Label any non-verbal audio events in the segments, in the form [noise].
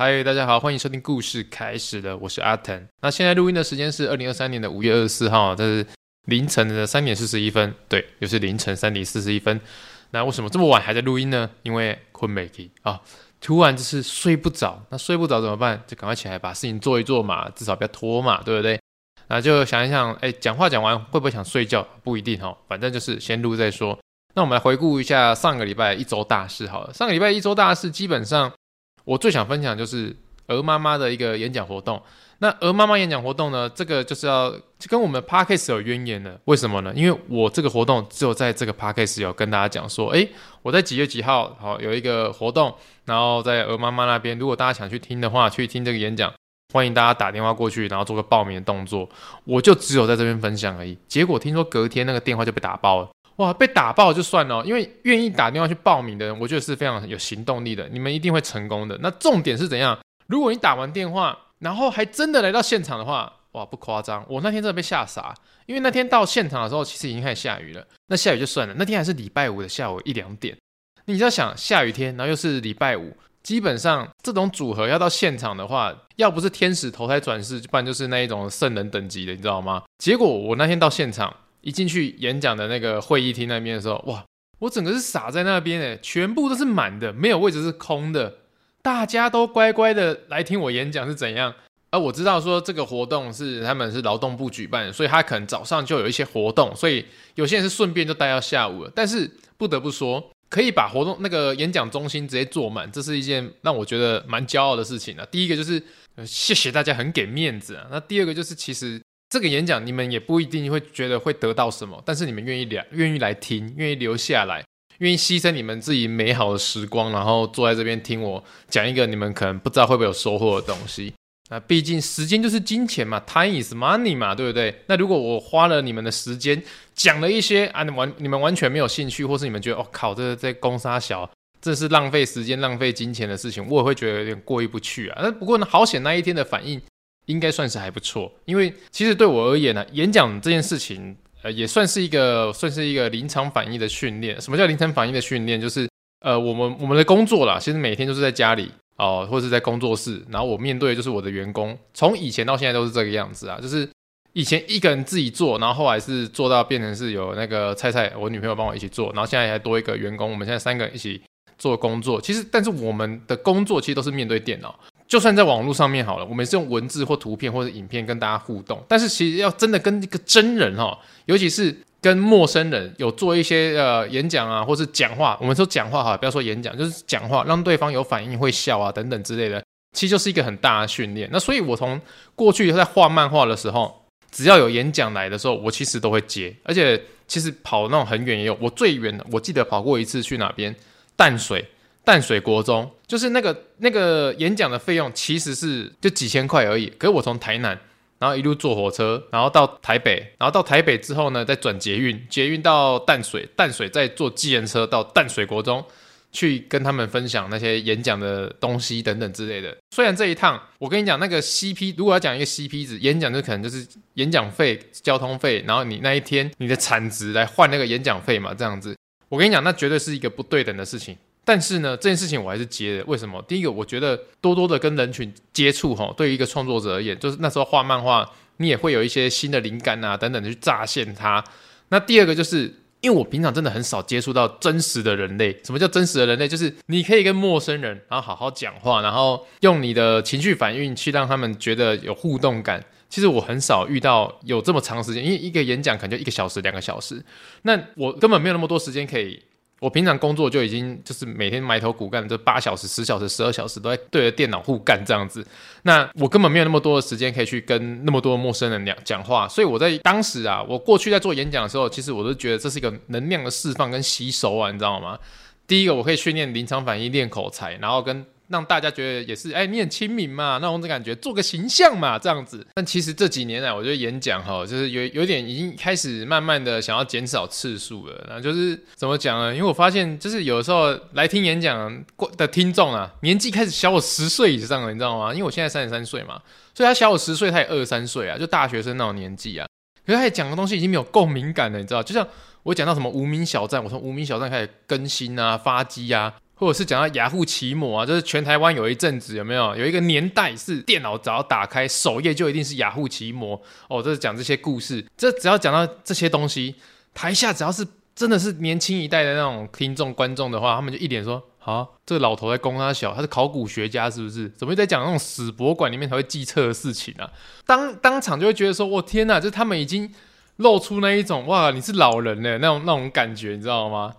嗨，Hi, 大家好，歡迎收聽故事開始了，我是阿騰。那現在錄音的時間是二零二三年的五月二十四號，這是凌晨的三點四十一分，對，又、就是凌晨三點四十一分。那為什麼這麼晚還在錄音呢？因為睏袂去啊，突然就是睡不着。那睡不着怎麼辦？就趕快起來把事情做一做嘛，至少不要拖嘛，對不對？那就想一想，哎、欸，講話講完會不會想睡覺？不一定哦，反正就是先錄再說。那我們來回顧一下上個禮拜一周大事好了。上個禮拜一周大事基本上。我最想分享就是鵝媽媽的一個演講活動。那鵝媽媽演講活動呢，這個就是要就跟我們 podcast 有淵源的。為什麼呢？因為我這個活動只有在這個 podcast 有跟大家講說，誒，我在幾月幾號好有一個活動，然後在鵝媽媽那邊，如果大家想去聽的話，去聽這個演講，歡迎大家打電話過去，然後做個報名的動作。我就只有在這邊分享而已。結果聽說隔天那個電話就被打爆了。哇，被打爆就算了，因為願意打電話去報名的人，我覺得是非常有行動力的。你們一定會成功的。那重點是怎樣？如果你打完電話，然後還真的來到現場的話，哇，不誇張，我那天真的被嚇傻。因為那天到現場的時候，其實已經開始下雨了。那下雨就算了，那天還是禮拜五的下午一兩點。你只要想，下雨天，然後又是禮拜五，基本上這種組合要到現場的話，要不是天使投胎轉世，不然就是那一種聖人等級的，你知道嗎？結果我那天到現場。一進去演講的那個會議廳那邊的時候，哇！我整個是傻在那邊誒，欸，全部都是滿的，沒有位置是空的，大家都乖乖的來聽我演講是怎樣？而我知道說這個活動是他們是勞動部舉辦，所以他可能早上就有一些活動，所以有些人是順便就待到下午了。但是不得不說，可以把活動那個演講中心直接坐滿，這是一件讓我覺得蠻驕傲的事情啊。第一個就是，呃，謝謝大家很給面子啊。那第二個就是其實。這個演講，你們也不一定會覺得會得到什麼，但是你們願意聊，願意來聽，願意留下來，願意犧牲你們自己美好的時光，然後坐在這邊聽我講一個你們可能不知道會不會有收穫的東西。那、啊、畢竟時間就是金錢嘛，Time is money 嘛，對不對？那如果我花了你們的時間，講了一些啊，你完，你們完全沒有興趣，或是你們覺得，我、哦、靠，這在公三小，這是浪費時間、浪費金錢的事情，我也會覺得有點過意不去啊。那不過呢，好險那一天的反應。應該算是還不錯，因為其實對我而言呢、啊，演講這件事情，呃，也算是一個算是一個臨場反應的訓練。什麼叫臨場反應的訓練？就是呃，我們我們的工作啦，其實每天都是在家裡哦、呃，或是在工作室，然後我面對的就是我的員工，從以前到現在都是這個樣子啊，就是以前一個人自己做，然後後來是做到變成是有那個蔡蔡，我女朋友幫我一起做，然後現在還多一個員工，我們現在三個人一起做工作。其實，但是我們的工作其實都是面對電腦。就算在網絡上面好了，我們是用文字或圖片或者影片跟大家互動，但是其實要真的跟一個真人哈，尤其是跟陌生人有做一些呃演講啊，或是講話，我們說講話哈，不要說演講，就是講話，讓對方有反應會笑啊等等之類的，其實就是一個很大的訓練。那所以，我從過去在畫漫畫的時候，只要有演講來的時候，我其實都會接，而且其實跑那種很遠也有，我最遠我記得跑過一次去哪邊，淡水。淡水國中就是那個那個演講的費用，其實是就幾千塊而已。可是我從台南，然後一路坐火車，然後到台北，然後到台北之後呢，再轉捷運，捷運到淡水，淡水再坐計程車到淡水國中，去跟他們分享那些演講的東西等等之類的。雖然這一趟，我跟你講，那個 CP 如果要講一個 CP 值，演講就可能就是演講費、交通費，然後你那一天你的產值來換那個演講費嘛，這樣子。我跟你講，那絕對是一個不對等的事情。但是呢，這件事情我還是接的。為什麼？第一個，我覺得多多的跟人群接觸，哦，哈，對於一個創作者而言，就是那時候畫漫畫，你也會有一些新的靈感啊，等等的去乍現它。那第二個就是，因為我平常真的很少接觸到真實的人類。什麼叫真實的人類？就是你可以跟陌生人，然後好好講話，然後用你的情緒反應去讓他們覺得有互動感。其實我很少遇到有這麼長時間，因為一個演講可能就一個小時、兩個小時，那我根本沒有那麼多時間可以。我平常工作就已經就是每天埋頭苦幹，這八小時、十小時、十二小時都在對着電腦苦幹這樣子。那我根本沒有那麼多的時間可以去跟那麼多陌生人講講話。所以我在當時啊，我過去在做演講的時候，其實我都覺得這是一個能量的釋放跟吸收啊，你知道嗎？第一個，我可以訓練臨場反應、練口才，然後跟。讓大家覺得也是，哎、欸，你很親民嘛，那我只感覺做個形象嘛，這樣子。但其實這幾年來，我覺得演講哈，就是有有點已經開始慢慢的想要減少次數了。然後就是怎麼講呢？因為我發現，就是有時候來聽演講過的聽眾啊，年紀開始小我十歲以上了，你知道嗎？因為我現在三十三歲嘛，所以他小我十歲，他也二十三歲啊，就大學生那種年紀啊。可是他講的東西已經沒有共鳴感了，你知道？就像我講到什麼無名小站，我從無名小站開始更新啊，發跡啊。或者是講到雅虎奇摩啊，就是全台灣有一陣子，有沒有有一個年代是電腦只要打開首頁就一定是雅虎奇摩哦，這是講這些故事。這只要講到這些東西，台下只要是真的是年輕一代的那種聽眾觀眾的話，他們就一臉說：啊，這個老頭在攻他小，他是考古學家是不是？怎麼會在講那種死博物館裡面才會計策的事情啊？當當場就會覺得說：我天啊，就他們已經露出那一種哇，你是老人嘞那種那種感覺，你知道嗎？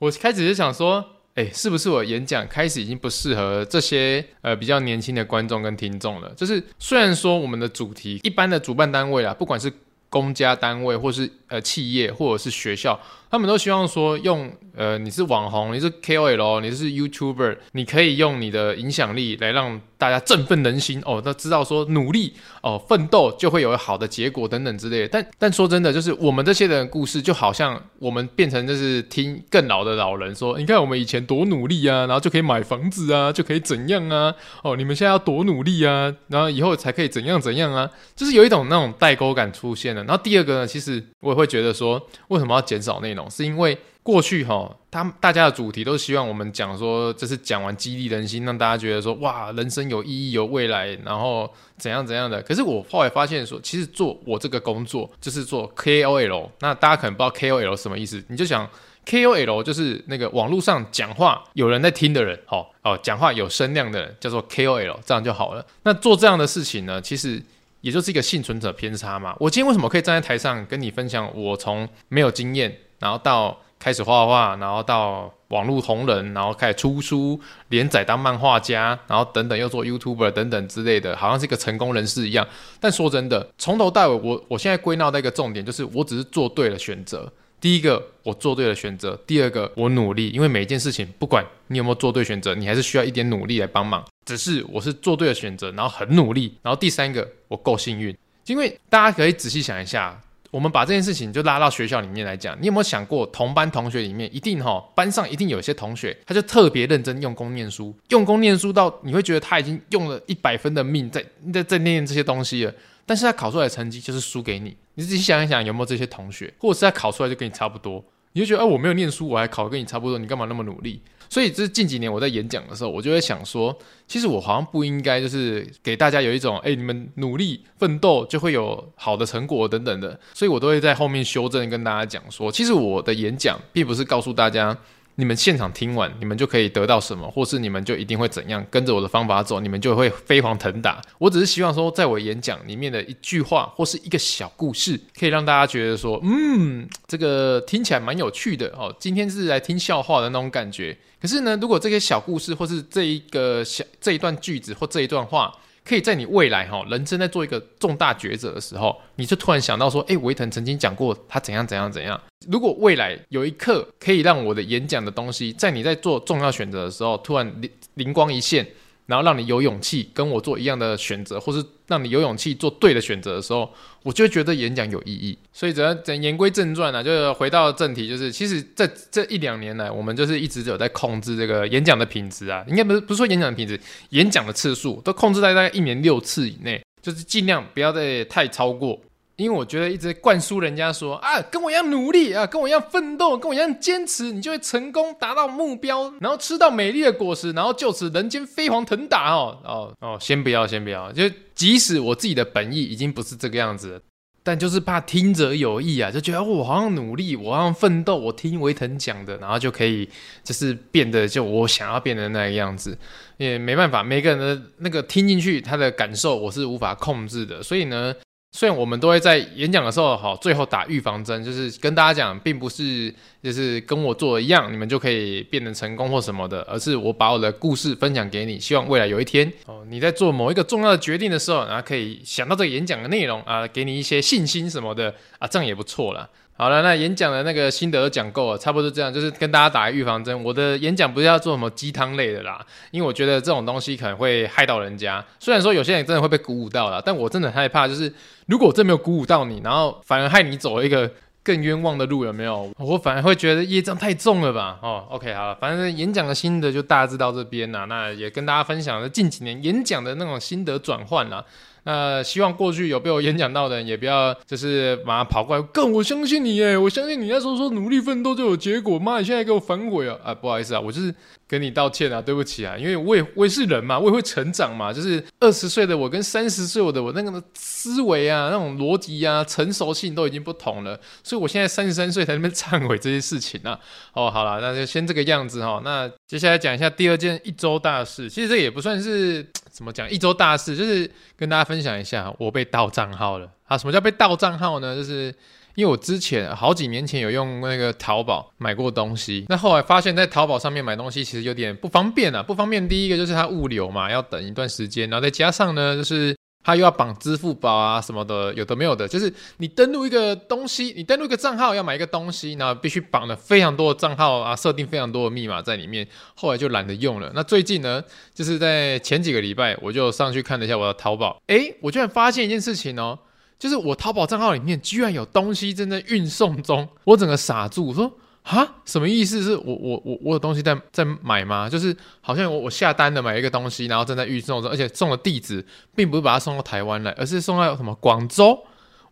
我開始是想說。哎、欸，是不是我演講開始已經不適合這些呃比較年輕的觀眾跟聽眾了？就是雖然說我們的主題一般的主辦單位啊，不管是公家單位，或是呃企業，或者是學校。他們都希望說用呃，你是網紅，你是 KOL，你是 YouTuber，你可以用你的影響力來讓大家振奮人心哦，都知道說努力哦，奮鬥就會有好的結果等等之類的。但但說真的，就是我們這些人的故事就好像我們變成就是聽更老的老人說，你看我們以前多努力啊，然後就可以買房子啊，就可以怎樣啊，哦，你們現在要多努力啊，然後以後才可以怎樣怎樣啊，就是有一種那種代溝感出現了。然後第二個呢，其實我也會覺得說，為什麼要減少內容？是因為過去哈，他大家的主題都希望我們講說，就是講完激勵人心，讓大家覺得說，哇，人生有意義、有未來，然後怎樣怎樣的。可是我後來發現說，其實做我這個工作就是做 KOL。那大家可能不知道 KOL 什麼意思，你就想 KOL 就是那個網絡上講話有人在聽的人，好哦，講話有聲量的人，叫做 KOL，這樣就好了。那做這樣的事情呢，其實也就是一個幸存者偏差嘛。我今天為什麼可以站在台上跟你分享，我從沒有經驗。然後到開始畫畫，然後到網絡紅人，然後開始出書連載當漫畫家，然後等等又做 YouTuber 等等之類的，好像是一個成功人士一樣。但說真的，從頭到尾我，我我現在歸納到一個重點，就是我只是做對了選擇。第一個，我做對了選擇；第二個，我努力，因為每一件事情，不管你有沒有做對選擇，你還是需要一點努力來幫忙。只是我是做對了選擇，然後很努力，然後第三個，我夠幸運，因為大家可以仔細想一下。我們把這件事情就拉到學校裡面來講，你有沒有想過，同班同學裡面一定哈、喔，班上一定有一些同學，他就特別認真用功念書，用功念書到你會覺得他已經用了一百分的命在在在念這些東西了，但是他考出來的成績就是輸給你。你自己想一想，有沒有這些同學，或者是他考出來就跟你差不多，你就覺得哎、欸，我沒有念書，我還考的跟你差不多，你幹嘛那麼努力？所以，這是近幾年我在演講的時候，我就會想說，其實我好像不應該就是給大家有一種，欸，你們努力奮鬥就會有好的成果等等的，所以我都會在後面修正跟大家講說，其實我的演講並不是告訴大家。你們現場聽完，你們就可以得到什麼，或是你們就一定會怎樣跟着我的方法走，你們就會飛黃騰達。我只是希望說，在我演講裡面的一句話或是一個小故事，可以讓大家覺得說，嗯，這個聽起來蠻有趣的哦。今天是來聽笑話的那種感覺。可是呢，如果這個小故事或是這一個小這一段句子或這一段話，可以在你未來哈，人生在做一個重大抉擇的時候，你就突然想到說，誒、欸，維騰曾經講過他怎樣怎樣怎樣。如果未來有一刻可以讓我的演講的東西，在你在做重要選擇的時候，突然靈靈光一現，然後讓你有勇氣跟我做一樣的選擇，或是。讓你有勇氣做對的選擇的時候，我就覺得演講有意義。所以，只要只要言歸正傳啊，就回到正題，就是其實這，在這一兩年來，我們就是一直有在控制這個演講的品質啊，應該不是不是說演講的品質，演講的次數都控制在大概一年六次以內，就是儘量不要再太超過。因為我覺得一直灌輸人家說啊，跟我一樣努力啊，跟我一樣奮鬥，跟我一樣堅持，你就會成功達到目標，然後吃到美麗的果實，然後就此人間飛黃騰達哦哦哦！先不要，先不要，就即使我自己的本意已經不是這個樣子了，但就是怕聽者有意啊，就覺得、哦、我好像努力，我好像奮鬥，我聽維騰講的，然後就可以就是變得就我想要變得那個樣子，也沒辦法，每個人的那個聽進去他的感受，我是無法控制的，所以呢。雖然我們都會在演講的時候，好，最後打預防針，就是跟大家講，並不是，就是跟我做的一樣，你們就可以變得成,成功或什麼的，而是我把我的故事分享給你，希望未來有一天，哦，你在做某一個重要的決定的時候，然後可以想到這個演講的內容啊，給你一些信心什麼的啊，這樣也不錯啦。好了，那演講的那個心得講夠了，差不多這樣，就是跟大家打預防針。我的演講不是要做什麼雞湯類的啦，因為我覺得這種東西可能會害到人家。雖然說有些人真的會被鼓舞到了，但我真的很害怕，就是如果我真沒有鼓舞到你，然後反而害你走了一個更冤枉的路，有沒有？我反而會覺得業障太重了吧？哦，OK，好了，反正演講的心得就大致到這邊啦。那也跟大家分享了近幾年演講的那種心得轉換啦。那、呃、希望過去有被我演講到的人也不要就是馬上跑過來幹，我相信你耶，我相信你那時候說努力奮鬥就有結果，媽，你現在給我反悔啊！啊、呃，不好意思啊，我就是跟你道歉啊，對不起啊，因為我也我也是人嘛，我也會成長嘛，就是二十歲的我跟三十歲的我那個思維啊、那種邏輯啊、成熟性都已經不同了，所以我現在三十三歲才在那邊懺悔這些事情啊。哦，好了，那就先這個樣子哈。那接下來講一下第二件一周大事，其實這也不算是怎麼講一周大事，就是跟大家分。分享一下，我被盜賬號了啊！什麼叫被盜賬號呢？就是因為我之前好幾年前有用那個淘寶買過東西，那後來發現，在淘寶上面買東西其實有點不方便啊。不方便，第一個就是它物流嘛，要等一段時間，然後再加上呢，就是。他又要綁支付寶啊什麼的，有的沒有的，就是你登錄一個東西，你登錄一個賬號要買一個東西，然後必須綁了非常多的賬號啊，設定非常多的密碼在裡面，後來就懶得用了。那最近呢，就是在前幾個禮拜，我就上去看了一下我的淘寶，哎、欸，我居然發現一件事情哦、喔，就是我淘寶賬號裡面居然有東西正在運送中，我整個傻住，我說。啊，什麼意思？是我我我我有東西在在買嗎？就是好像我我下單的買一個東西，然後正在預送中，而且送的地址並不是把它送到台灣來，而是送到什麼廣州？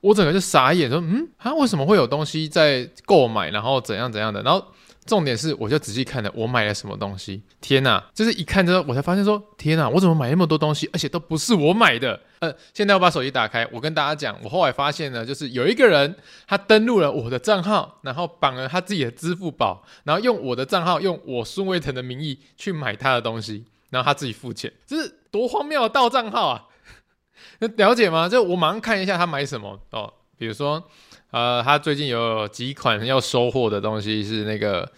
我整個就傻眼，說嗯，啊為什麼會有東西在購買，然後怎樣怎樣的？然後。重點是，我就仔細看了我買了什麼東西。天哪，就是一看之後，我才發現說，天哪，我怎麼買那麼多東西，而且都不是我買的。呃，現在我把手機打開，我跟大家講，我後來發現呢，就是有一個人他登錄了我的賬號，然後綁了他自己的支付寶，然後用我的賬號，用我孫衛騰的名義去買他的東西，然後他自己付錢，這是多荒謬的盜賬號啊！那了解嗎？就我馬上看一下他買什麼哦，比如說。呃，他最近有幾款要收貨的東西是那個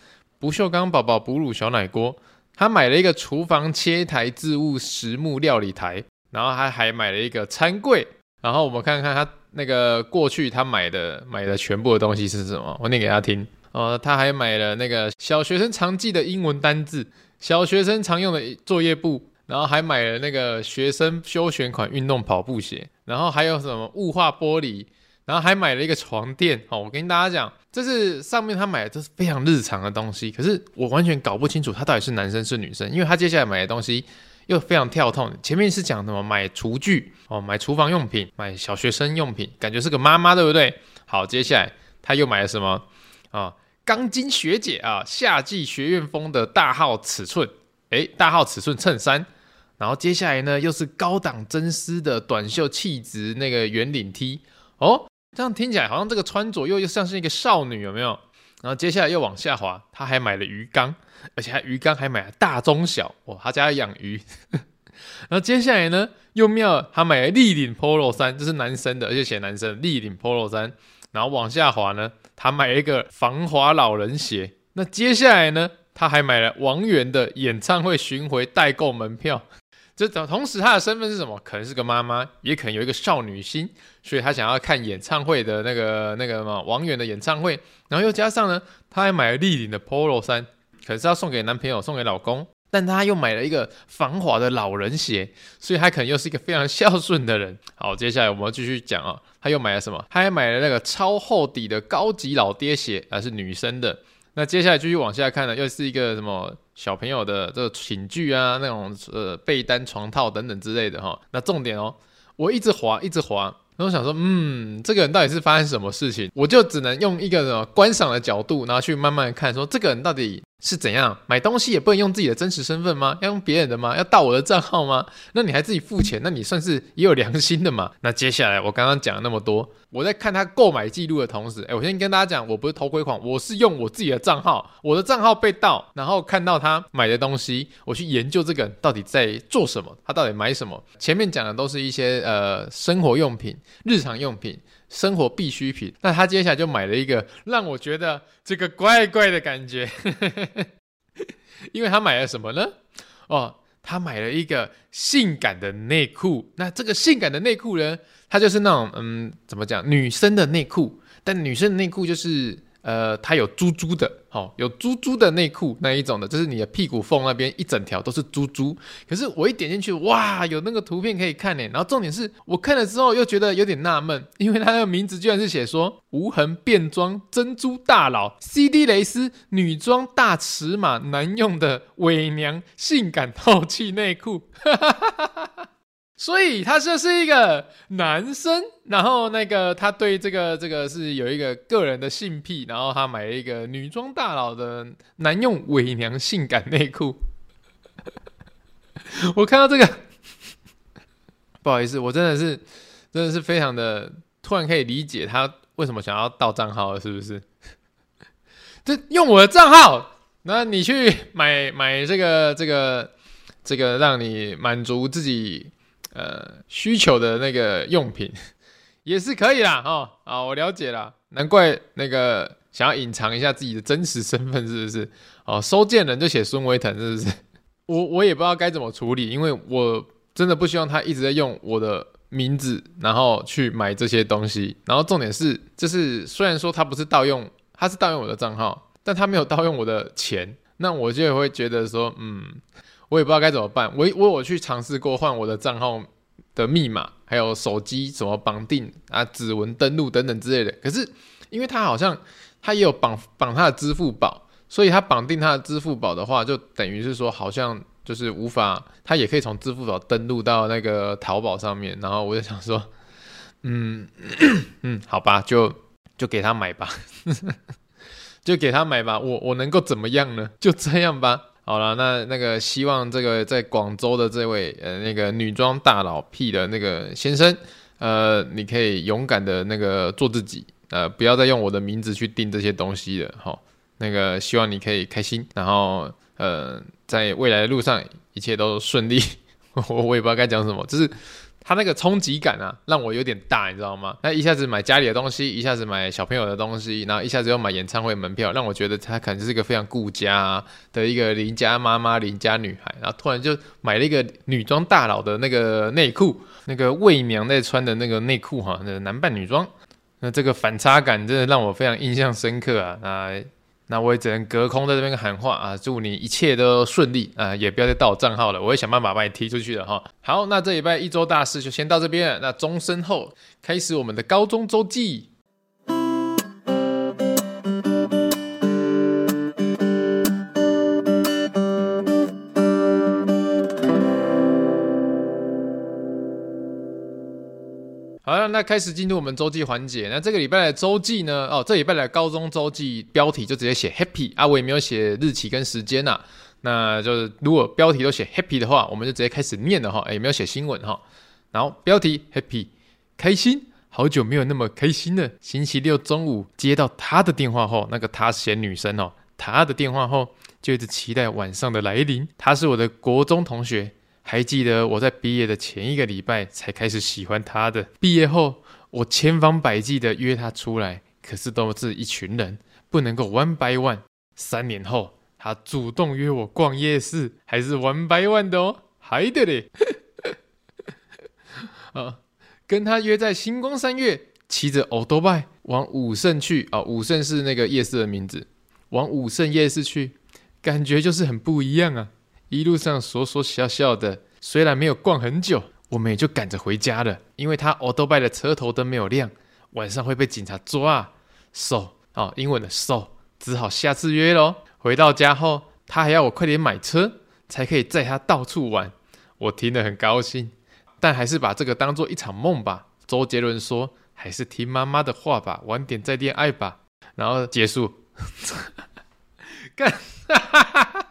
不鏽鋼寶寶哺乳小奶鍋。他買了一個廚房切台置物實木料理台，然後他還買了一個餐櫃。然後我們看看他那個過去他買的買的全部的東西是什麼，我念給他聽。呃，他還買了那個小學生常記的英文單字、小學生常用的作業簿，然後還買了那個學生休閒款運動跑步鞋，然後還有什麼霧化玻璃。然後還買了一個床墊哦，我跟大家講，這是上面他買的都是非常日常的東西，可是我完全搞不清楚他到底是男生是女生，因為他接下來買的東西又非常跳痛。前面是講什麼買廚具哦，買廚房用品，買小學生用品，感覺是個媽媽對不對？好，接下來他又買了什麼啊？哦，鋼筋學姐啊，夏季學院風的大號尺寸，誒大號尺寸襯衫，然後接下來呢又是高檔真絲的短袖氣質那個圓領 T 哦。這樣聽起來好像這個穿着又又像是一個少女，有沒有？然後接下來又往下滑，他還買了魚缸，而且魚缸還買了大中小，哦，他家養魚。 [laughs] 然後接下來呢，又妙，他買了立領 polo 衫，這是男生的，而且寫男生立領 polo 衫。然後往下滑呢，他買了一個防滑老人鞋。那接下來呢，他還買了王源的演唱會巡迴代購門票。這同同時，他的身份是什麼？可能是個媽媽，也可能有一個少女心，所以她想要看演唱會的那個那個什麼王源的演唱會。然後又加上呢，她還買了立領的 Polo 衫，可能是要送給男朋友、送給老公。但她又買了一個防滑的老人鞋，所以她可能又是一個非常孝順的人。好，接下來我們繼續講啊，她又買了什麼？她還買了那個超厚底的高級老爹鞋，還、啊、是女生的。那接下來繼續往下看呢，又是一個什麼小朋友的這個寢具啊，那種呃被單、床套等等之類的哈。那重點哦、喔，我一直滑一直滑，然後想說，嗯，這個人到底是發生什麼事情？我就只能用一個什麼觀賞的角度，然後去慢慢看說，說這個人到底是怎樣買東西也不能用自己的真實身份嗎？要用別人的嗎？要盜我的賬號嗎？那你還自己付錢，那你算是也有良心的嘛？那接下來我剛剛講了那麼多，我在看他購買記錄的同時，誒、欸，我先跟大家講，我不是偷窺狂，我是用我自己的賬號，我的賬號被盜，然後看到他買的東西，我去研究這個人到底在做什麼，他到底買什麼？前面講的都是一些呃生活用品、日常用品。生活必需品，那他接下來就買了一個讓我覺得這個怪怪的感覺， [laughs] 因為他買了什麼呢？哦，他買了一個性感的內褲。那這個性感的內褲呢，它就是那種嗯，怎麼講？女生的內褲，但女生的內褲就是。呃，它有珠珠的，哦，有珠珠的內褲那一種的，就是你的屁股縫那邊一整條都是珠珠。可是我一點進去，哇，有那個圖片可以看呢。然後重點是，我看了之後又覺得有點納悶，因為它那個名字居然是寫說無痕變裝珍珠大佬 CD 蕾絲女裝大尺碼男用的偽娘性感透氣內褲。哈哈哈哈哈。所以他就是一個男生，然後那個他對這個這個是有一個個人的性癖，然後他買了一個女裝大佬的男用偽娘性感內褲。 [laughs] 我看到這個，不好意思，我真的是真的是非常的突然可以理解他為什麼想要盜賬號了，是不是？這 [laughs] 用我的賬號，那你去買買這個這個這個，這個、讓你滿足自己。呃，需求的那個用品也是可以啦，哈、哦，啊，我了解啦。難怪那個想要隱藏一下自己的真實身份，是不是？哦，收件人就寫孫威騰，是不是？我我也不知道該怎麼處理，因為我真的不希望他一直在用我的名字，然後去買這些東西。然後重點是，就是雖然說他不是盜用，他是盜用我的賬號，但他沒有盜用我的錢，那我就會覺得說，嗯。我也不知道該怎麼辦。我我有去嘗試過換我的賬號的密碼，還有手機什麼綁定啊、指紋登錄等等之類的。可是，因為他好像他也有綁綁他的支付寶，所以他綁定他的支付寶的話，就等於是說好像就是無法，他也可以從支付寶登錄到那個淘寶上面。然後我就想說，嗯 [coughs] 嗯，好吧，就就給他買吧，就給他買， [laughs] 買吧。我我能夠怎麼樣呢？就這樣吧。好了，那那個希望這個在廣州的這位呃那個女裝大佬 P 的那個先生，呃，你可以勇敢的那個做自己，呃，不要再用我的名字去訂這些東西了哈。那個希望你可以開心，然後呃，在未來的路上一切都順利 [laughs] 我。我我也不知道該講什麼，就是。他那個衝擊感啊，讓我有點大，你知道嗎？那一下子買家裡的東西，一下子買小朋友的東西，然後一下子又買演唱會門票，讓我覺得他可能是一個非常顧家的一個鄰家媽媽、鄰家女孩。然後突然就買了一個女裝大佬的那個內褲，那個偽娘在穿的那個內褲哈，那個、男扮女裝，那這個反差感真的讓我非常印象深刻啊！那。那我也只能隔空在這邊喊話啊，祝你一切都順利啊，也不要再盜我賬號了，我會想辦法把你踢出去的哈。好，那這禮拜一周大事就先到這邊，那鐘聲後開始我們的高中周記。好啦，那開始進入我們週記環節。那這個禮拜的週記呢？哦，這禮拜的高中週記標題就直接寫 Happy 啊，我也沒有寫日期跟時間吶、啊。那就是如果標題都寫 Happy 的話，我們就直接開始念了。哈、欸。哎，沒有寫新聞哈。然後標題 Happy，開心，好久沒有那麼開心了。星期六中午接到他的電話後，那個他寫女生哦，他的電話後就一直期待晚上的來臨。他是我的國中同學。還記得我在畢業的前一個禮拜才開始喜歡他的。畢業後，我千方百計的約他出來，可是都是一群人，不能夠 one by one。三年後，他主動約我逛夜市，還是 one by one 的哦，還得嘞。啊，跟他約在新光三越，騎着歐多拜往武聖去啊，武聖是那個夜市的名字，往武聖夜市去，感覺就是很不一樣啊。一路上說說笑笑的，雖然沒有逛很久，我們也就趕着回家了。因為他歐兜拜的車頭燈沒有亮，晚上會被警察抓啊。So，哦，英文的 So，只好下次約嘍。回到家後，他還要我快點買車，才可以載他到處玩。我聽得很高興，但還是把這個當做一場夢吧。周杰倫說：“還是聽媽媽的話吧，晚點再戀愛吧。”然後結束。 [laughs] 幹，哈哈哈哈。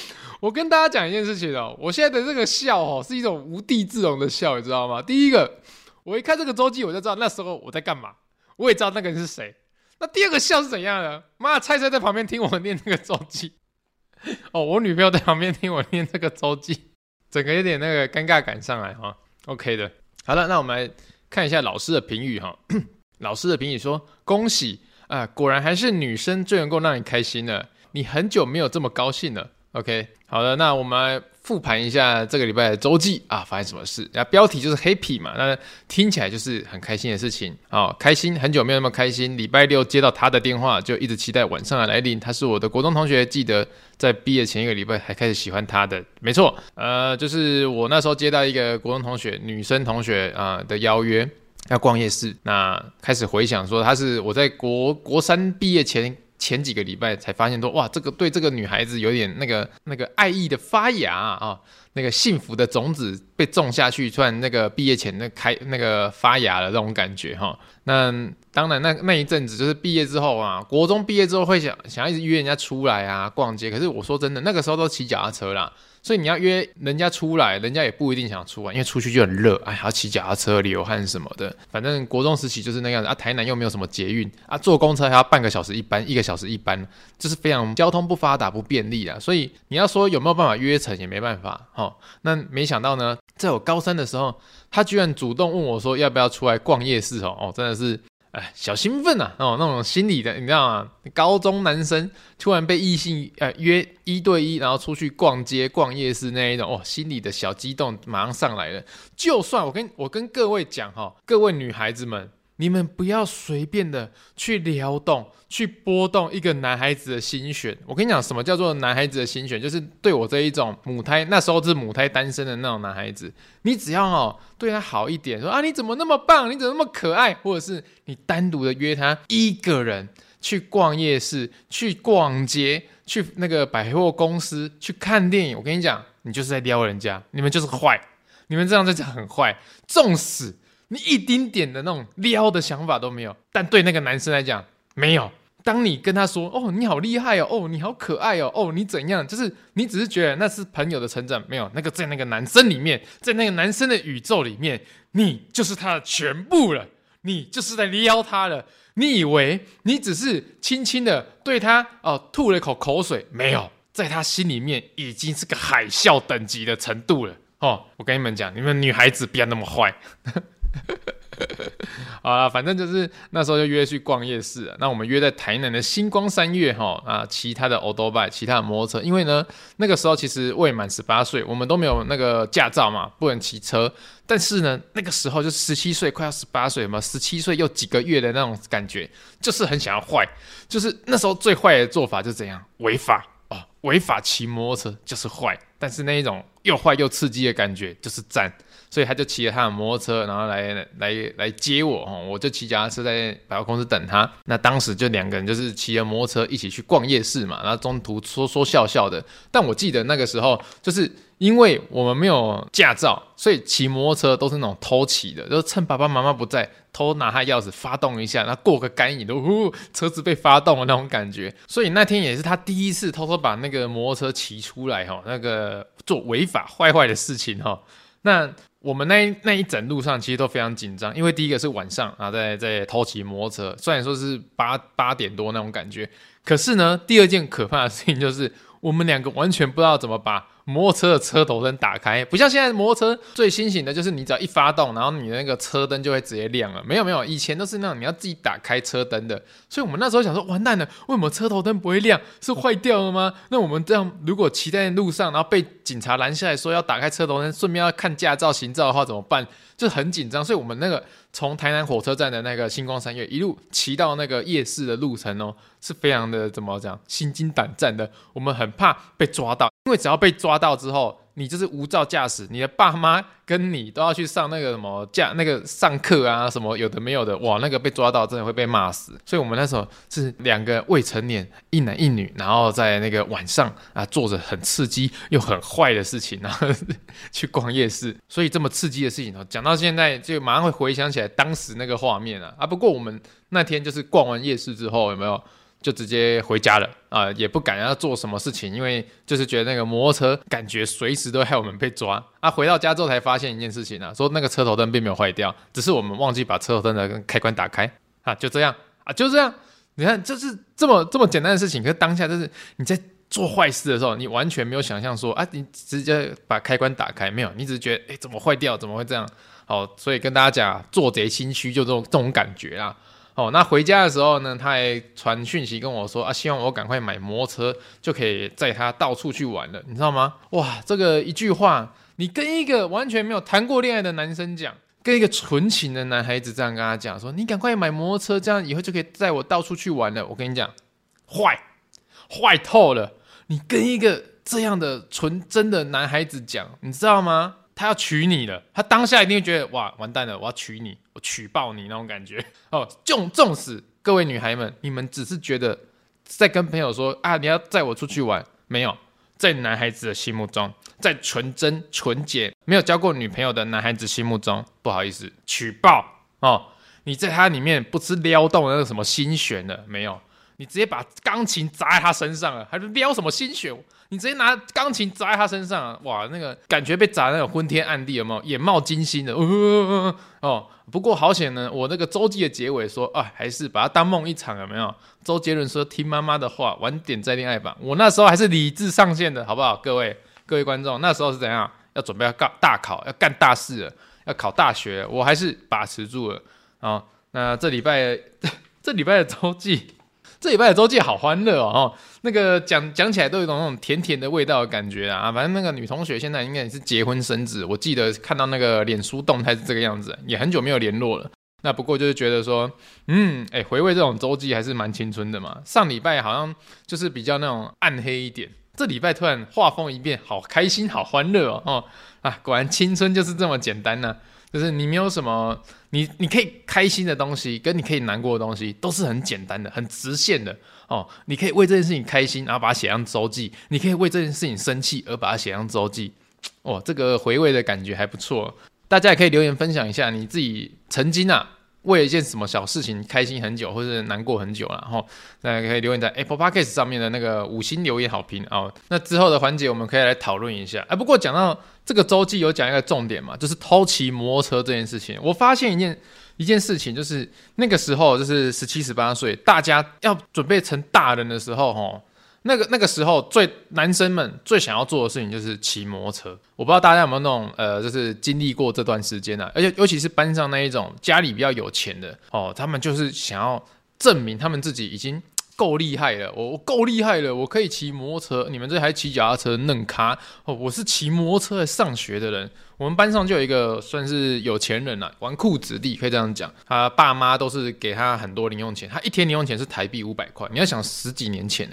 [laughs] 我跟大家講一件事情哦，我現在的這個笑哦，是一種無地自容的笑，你知道嗎？第一個，我一看這個週記，我就知道那時候我在幹嘛，我也知道那個人是誰。那第二個笑是怎樣的？媽，菜菜在旁邊聽我念那個週記，哦，我女朋友在旁邊聽我念這個週記，整個有點那個尷尬感上來哈、哦。OK 的，好了，那我們來看一下老師的評語哈、哦。 [coughs] 老師的評語說：恭喜啊，果然還是女生最能夠讓你開心的。你很久沒有這麼高興了，OK？好的，那我們來復盤一下這個禮拜的周記啊，發生什麼事？那、啊、標題就是 Happy 嘛，那聽起來就是很開心的事情好、哦、開心，很久沒有那麼開心。禮拜六接到他的電話，就一直期待晚上的來臨。他是我的國中同學，記得在畢業前一個禮拜還開始喜歡他的，沒錯，呃，就是我那時候接到一個國中同學，女生同學啊、呃、的邀約，要逛夜市，那開始回想說，他是我在國國三畢業前，前幾個禮拜才發現說，說哇，這個對這個女孩子，有點那個那個愛意的發芽啊、哦，那個幸福的種子被種下去，突然那個畢業前那開那個發芽了，這種感覺哈、哦。那當然那那一陣子就是畢業之後啊，國中畢業之後會想想要一直約人家出來啊逛街，可是我說真的，那個時候都騎腳踏車啦。所以你要約人家出來，人家也不一定想出來、啊，因為出去就很熱，哎呀，要騎腳踏車流汗什麼的。反正國中時期就是那樣子啊，台南又沒有什麼捷運啊，坐公車還要半個小時一班，一個小時一班，就是非常交通不發達不便利啊。所以你要說有沒有辦法約成也沒辦法哦。那沒想到呢，在我高三的時候，他居然主動問我說要不要出來逛夜市哦哦、喔，真的是。哎，小興奮啊，哦，那種心理的，你知道嗎？高中男生突然被異性呃約一對一，然後出去逛街，逛夜市那一種，哦，心裡的小激動馬上上來了。就算我跟我跟各位講哈，各位女孩子們。你們不要隨便的去撩動、去撥動一個男孩子的心弦。我跟你講，什麼叫做男孩子的心弦？就是對我這一種母胎，那時候是母胎單身的那種男孩子，你只要哦、喔、對他好一點，說啊你怎麼那麼棒，你怎麼那麼可愛，或者是你單獨的約他一個人去逛夜市、去逛街、去那個百貨公司、去看電影。我跟你講，你就是在撩人家，你們就是壞，你們這樣就是很壞，縱使。你一丁點的那種撩的想法都沒有，但對那個男生來講，沒有。當你跟他說：“哦，你好厲害哦，哦，你好可愛哦，哦，你怎樣？”就是你只是覺得那是朋友的成長，沒有那個在那個男生裡面，在那個男生的宇宙裡面，你就是他的全部了，你就是在撩他了。你以為你只是輕輕的對他哦，吐了一口口水，沒有，在他心裡面已經是個海嘯等級的程度了。哦，我跟你們講，你們女孩子不要那麼壞。 [laughs] [laughs] 好了，反正就是那時候就約去逛夜市。那我們約在台南的新光三越哈啊，騎他的歐多拜，騎他的摩托車。因為呢，那個時候其實未滿十八歲，我們都沒有那個駕照嘛，不能騎車。但是呢，那個時候就十七歲，快要十八歲嘛，十七歲又幾個月的那種感覺，就是很想要壞。就是那時候最壞的做法就怎樣，違法哦，違法騎摩托車就是壞。但是那一種又壞又刺激的感覺，就是讚。所以他就騎着他的摩托車，然後來來來接我哈，我就騎腳踏車在百貨公司等他。那當時就兩個人就是騎着摩托車一起去逛夜市嘛，然後中途說說笑笑的。但我記得那個時候，就是因為我們沒有駕照，所以騎摩托車都是那種偷騎的，就是趁爸爸媽媽不在，偷拿他鑰匙發動一下，然後過個乾癮，都嗚，車子被發動了那種感覺。所以那天也是他第一次偷偷把那個摩托車騎出來哈，那個做違法壞壞的事情哈，那。我們那一那一整路上其實都非常緊張，因為第一個是晚上啊，在在偷騎摩托車，雖然說是八八點多那種感覺，可是呢，第二件可怕的事情就是我們兩個完全不知道怎麼把。摩托車的車頭燈打開，不像現在摩托車最新型的，就是你只要一發動，然後你的那個車燈就會直接亮了。沒有沒有，以前都是那種，你要自己打開車燈的。所以，我們那時候想說，完蛋了，為什麼車頭燈不會亮？是壞掉了嗎？那我們這樣，如果騎在路上，然後被警察攔下來說要打開車頭燈，順便要看駕照、行照的話，怎麼辦？就很緊張。所以，我們那個從台南火車站的那個新光三越，一路騎到那個夜市的路程哦、喔，是非常的怎麼講，心驚膽戰的。我們很怕被抓到。因為只要被抓到之後，你就是無照駕駛，你的爸媽跟你都要去上那個什麼駕那個上課啊，什麼有的沒有的，哇，那個被抓到真的會被罵死。所以我們那時候是兩個未成年，一男一女，然後在那個晚上啊，做着很刺激又很壞的事情，然後去逛夜市。所以這麼刺激的事情啊，講到現在就馬上會回想起來當時那個畫面啊。啊，不過我們那天就是逛完夜市之後，有沒有？就直接回家了啊，也不敢要做什麼事情，因為就是覺得那個摩托車感覺隨時都害我們被抓啊。回到家之後才發現一件事情啊，說那個車頭燈並沒有壞掉，只是我們忘記把車頭燈的開關打開啊，就這樣啊，就這樣。你看，就是這麼這麼簡單的事情，可是當下就是你在做壞事的時候，你完全沒有想象說啊，你直接把開關打開沒有？你只是覺得誒、欸，怎麼壞掉？怎麼會這樣？好。所以跟大家講，做賊心虛就這種這種感覺啊。哦，那回家的時候呢，他還傳訊息跟我說啊，希望我趕快買摩托車，就可以載他到處去玩了，你知道嗎？哇，這個一句話，你跟一個完全沒有談過戀愛的男生講，跟一個純情的男孩子這樣跟他講說，你趕快買摩托車，這樣以後就可以載我到處去玩了，我跟你講，壞，壞透了，你跟一個這樣的純真的男孩子講，你知道嗎？他要娶你了，他當下一定會覺得哇，完蛋了，我要娶你，我娶爆你那種感覺哦。縱縱使各位女孩們，你們只是覺得在跟朋友說啊，你要載我出去玩，沒有，在男孩子的心目中，在純真、純潔、沒有交過女朋友的男孩子心目中，不好意思，娶爆哦！你在他裡面不是撩動那個什麼心弦的，沒有，你直接把鋼琴砸在他身上了，還撩什麼心弦？你直接拿鋼琴砸在他身上，啊，哇，那個感覺被砸那個昏天暗地，有沒有眼冒金星的呃呃呃呃呃。哦，不過好險呢，我那個周記的結尾說，啊、哎，還是把它當夢一場，有沒有？周杰倫說：“聽媽媽的話，晚點再戀愛吧。”我那時候還是理智上線的，好不好，各位各位觀眾？那時候是怎樣？要準備要大考，要幹大事了，要考大學了，我還是把持住了啊、哦。那這禮拜這這禮拜的周記， [laughs] 這禮拜的周記好歡樂哦。哦那個講講起來都有種那種甜甜的味道的感覺啊，反正那個女同學現在應該也是結婚生子，我記得看到那個臉書動態是這個樣子，也很久沒有聯絡了。那不過就是覺得說，嗯，誒、欸，回味這種週記還是蠻青春的嘛。上禮拜好像就是比較那種暗黑一點，這禮拜突然畫風一變，好開心，好歡樂哦，哦啊，果然青春就是這麼簡單呢、啊，就是你沒有什麼，你你可以開心的東西跟你可以難過的東西都是很簡單的，很直線的。哦，你可以為這件事情開心，然後把它寫上周記；你可以為這件事情生氣，而把它寫上周記。哦，這個回味的感覺還不錯。大家也可以留言分享一下，你自己曾經啊為了一件什麼小事情開心很久，或者是難過很久了，然後大家可以留言在 Apple Podcast 上面的那個五星留言好評哦，那之後的環節我們可以來討論一下。哎，不過講到這個周記，有講一個重點嘛，就是偷騎摩托車這件事情。我發現一件。一件事情就是那個時候，就是十七十八歲，大家要準備成大人的時候，齁，那個那個時候最男生們最想要做的事情就是騎摩托車。我不知道大家有沒有那種，呃，就是經歷過這段時間呢、啊？而且尤其是班上那一種家裡比較有錢的，哦，他們就是想要證明他們自己已經。夠厲害了，哦、我我夠厲害了，我可以騎摩托車。你們這還騎腳踏車嫩咖哦！我是騎摩托車上學的人。我們班上就有一個算是有錢人啦、啊，紈絝子弟可以這樣講。他爸媽都是給他很多零用錢，他一天零用錢是台幣五百塊。你要想十幾年前，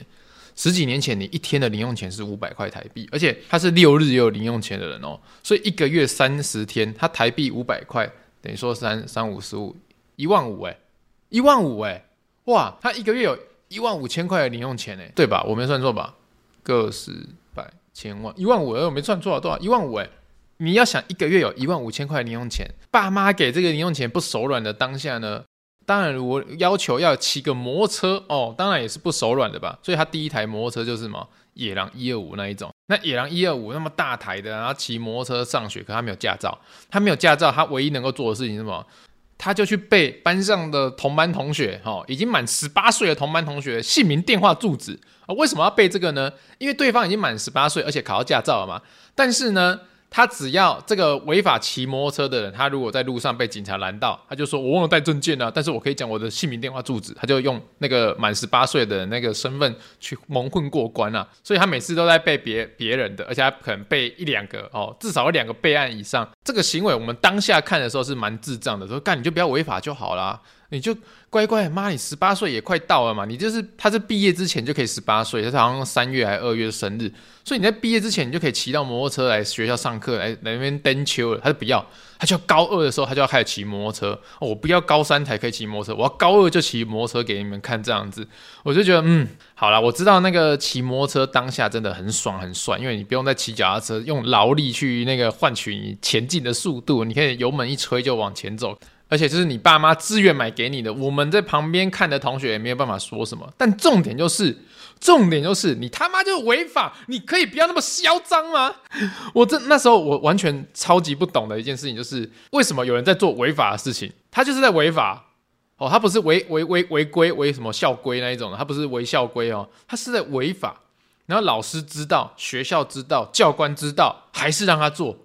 十幾年前你一天的零用錢是五百塊台幣，而且他是六日也有零用錢的人哦、喔。所以一個月三十天，他台幣五百塊，等於說三三五十五一萬五哎，一萬五哎，哇！他一個月有。一萬五千塊的零用錢呢？對吧？我沒算錯吧？個十百千萬，一萬五我沒算錯啊？多少？一萬五哎你要想一個月有一萬五千塊零用錢，爸媽給這個零用錢不手軟的當下呢？當然，我要求要騎個摩托車哦，當然也是不手軟的吧？所以他第一台摩托車就是什麼野狼一二五那一種。那野狼一二五那麼大台的，然後騎摩托車上學，可他沒有駕照，他沒有駕照，他唯一能夠做的事情是什麼？他就去背班上的同班同學，哈，已經滿十八歲的同班同學姓名、電話、住址啊？為什麼要背這個呢？因為對方已經滿十八歲，而且考到駕照了嘛。但是呢。他只要這個違法騎摩托車的人，他如果在路上被警察攔到，他就說：“我忘了帶證件了啊。”，但是我可以講我的姓名、電話、住址，他就用那個滿十八歲的那個身份去蒙混過關啊。所以，他每次都在背別別人的，而且他可能背一兩個哦，至少有兩個備案以上。這個行為，我們當下看的時候是蠻智障的，說：“幹你就不要違法就好啦，你就。”乖乖媽，你十八歲也快到了嘛，你就是他，是畢業之前就可以十八歲，他常好像三月還二月生日，所以你在畢業之前你就可以騎到摩托車來學校上課，來來那邊登秋了。他就不要，他就要高二的時候他就要開始騎摩托車，哦。我不要高三才可以騎摩托車，我要高二就騎摩托車給你們看這樣子。我就覺得嗯，好啦。我知道那個騎摩托車當下真的很爽很爽，因為你不用再騎腳踏車，用勞力去那個換取你前進的速度，你可以油門一吹就往前走。而且就是你爸媽自願買給你的，我們在旁邊看的同學也沒有辦法說什麼。但重點就是，重點就是，你他媽就是違法！你可以不要那麼囂張嗎？我這那時候我完全超級不懂的一件事情就是，為什麼有人在做違法的事情？他就是在違法哦，他不是違違違違規違什麼校規那一種，他不是違校規哦，他是在違法。然後老師知道，學校知道，教官知道，還是讓他做。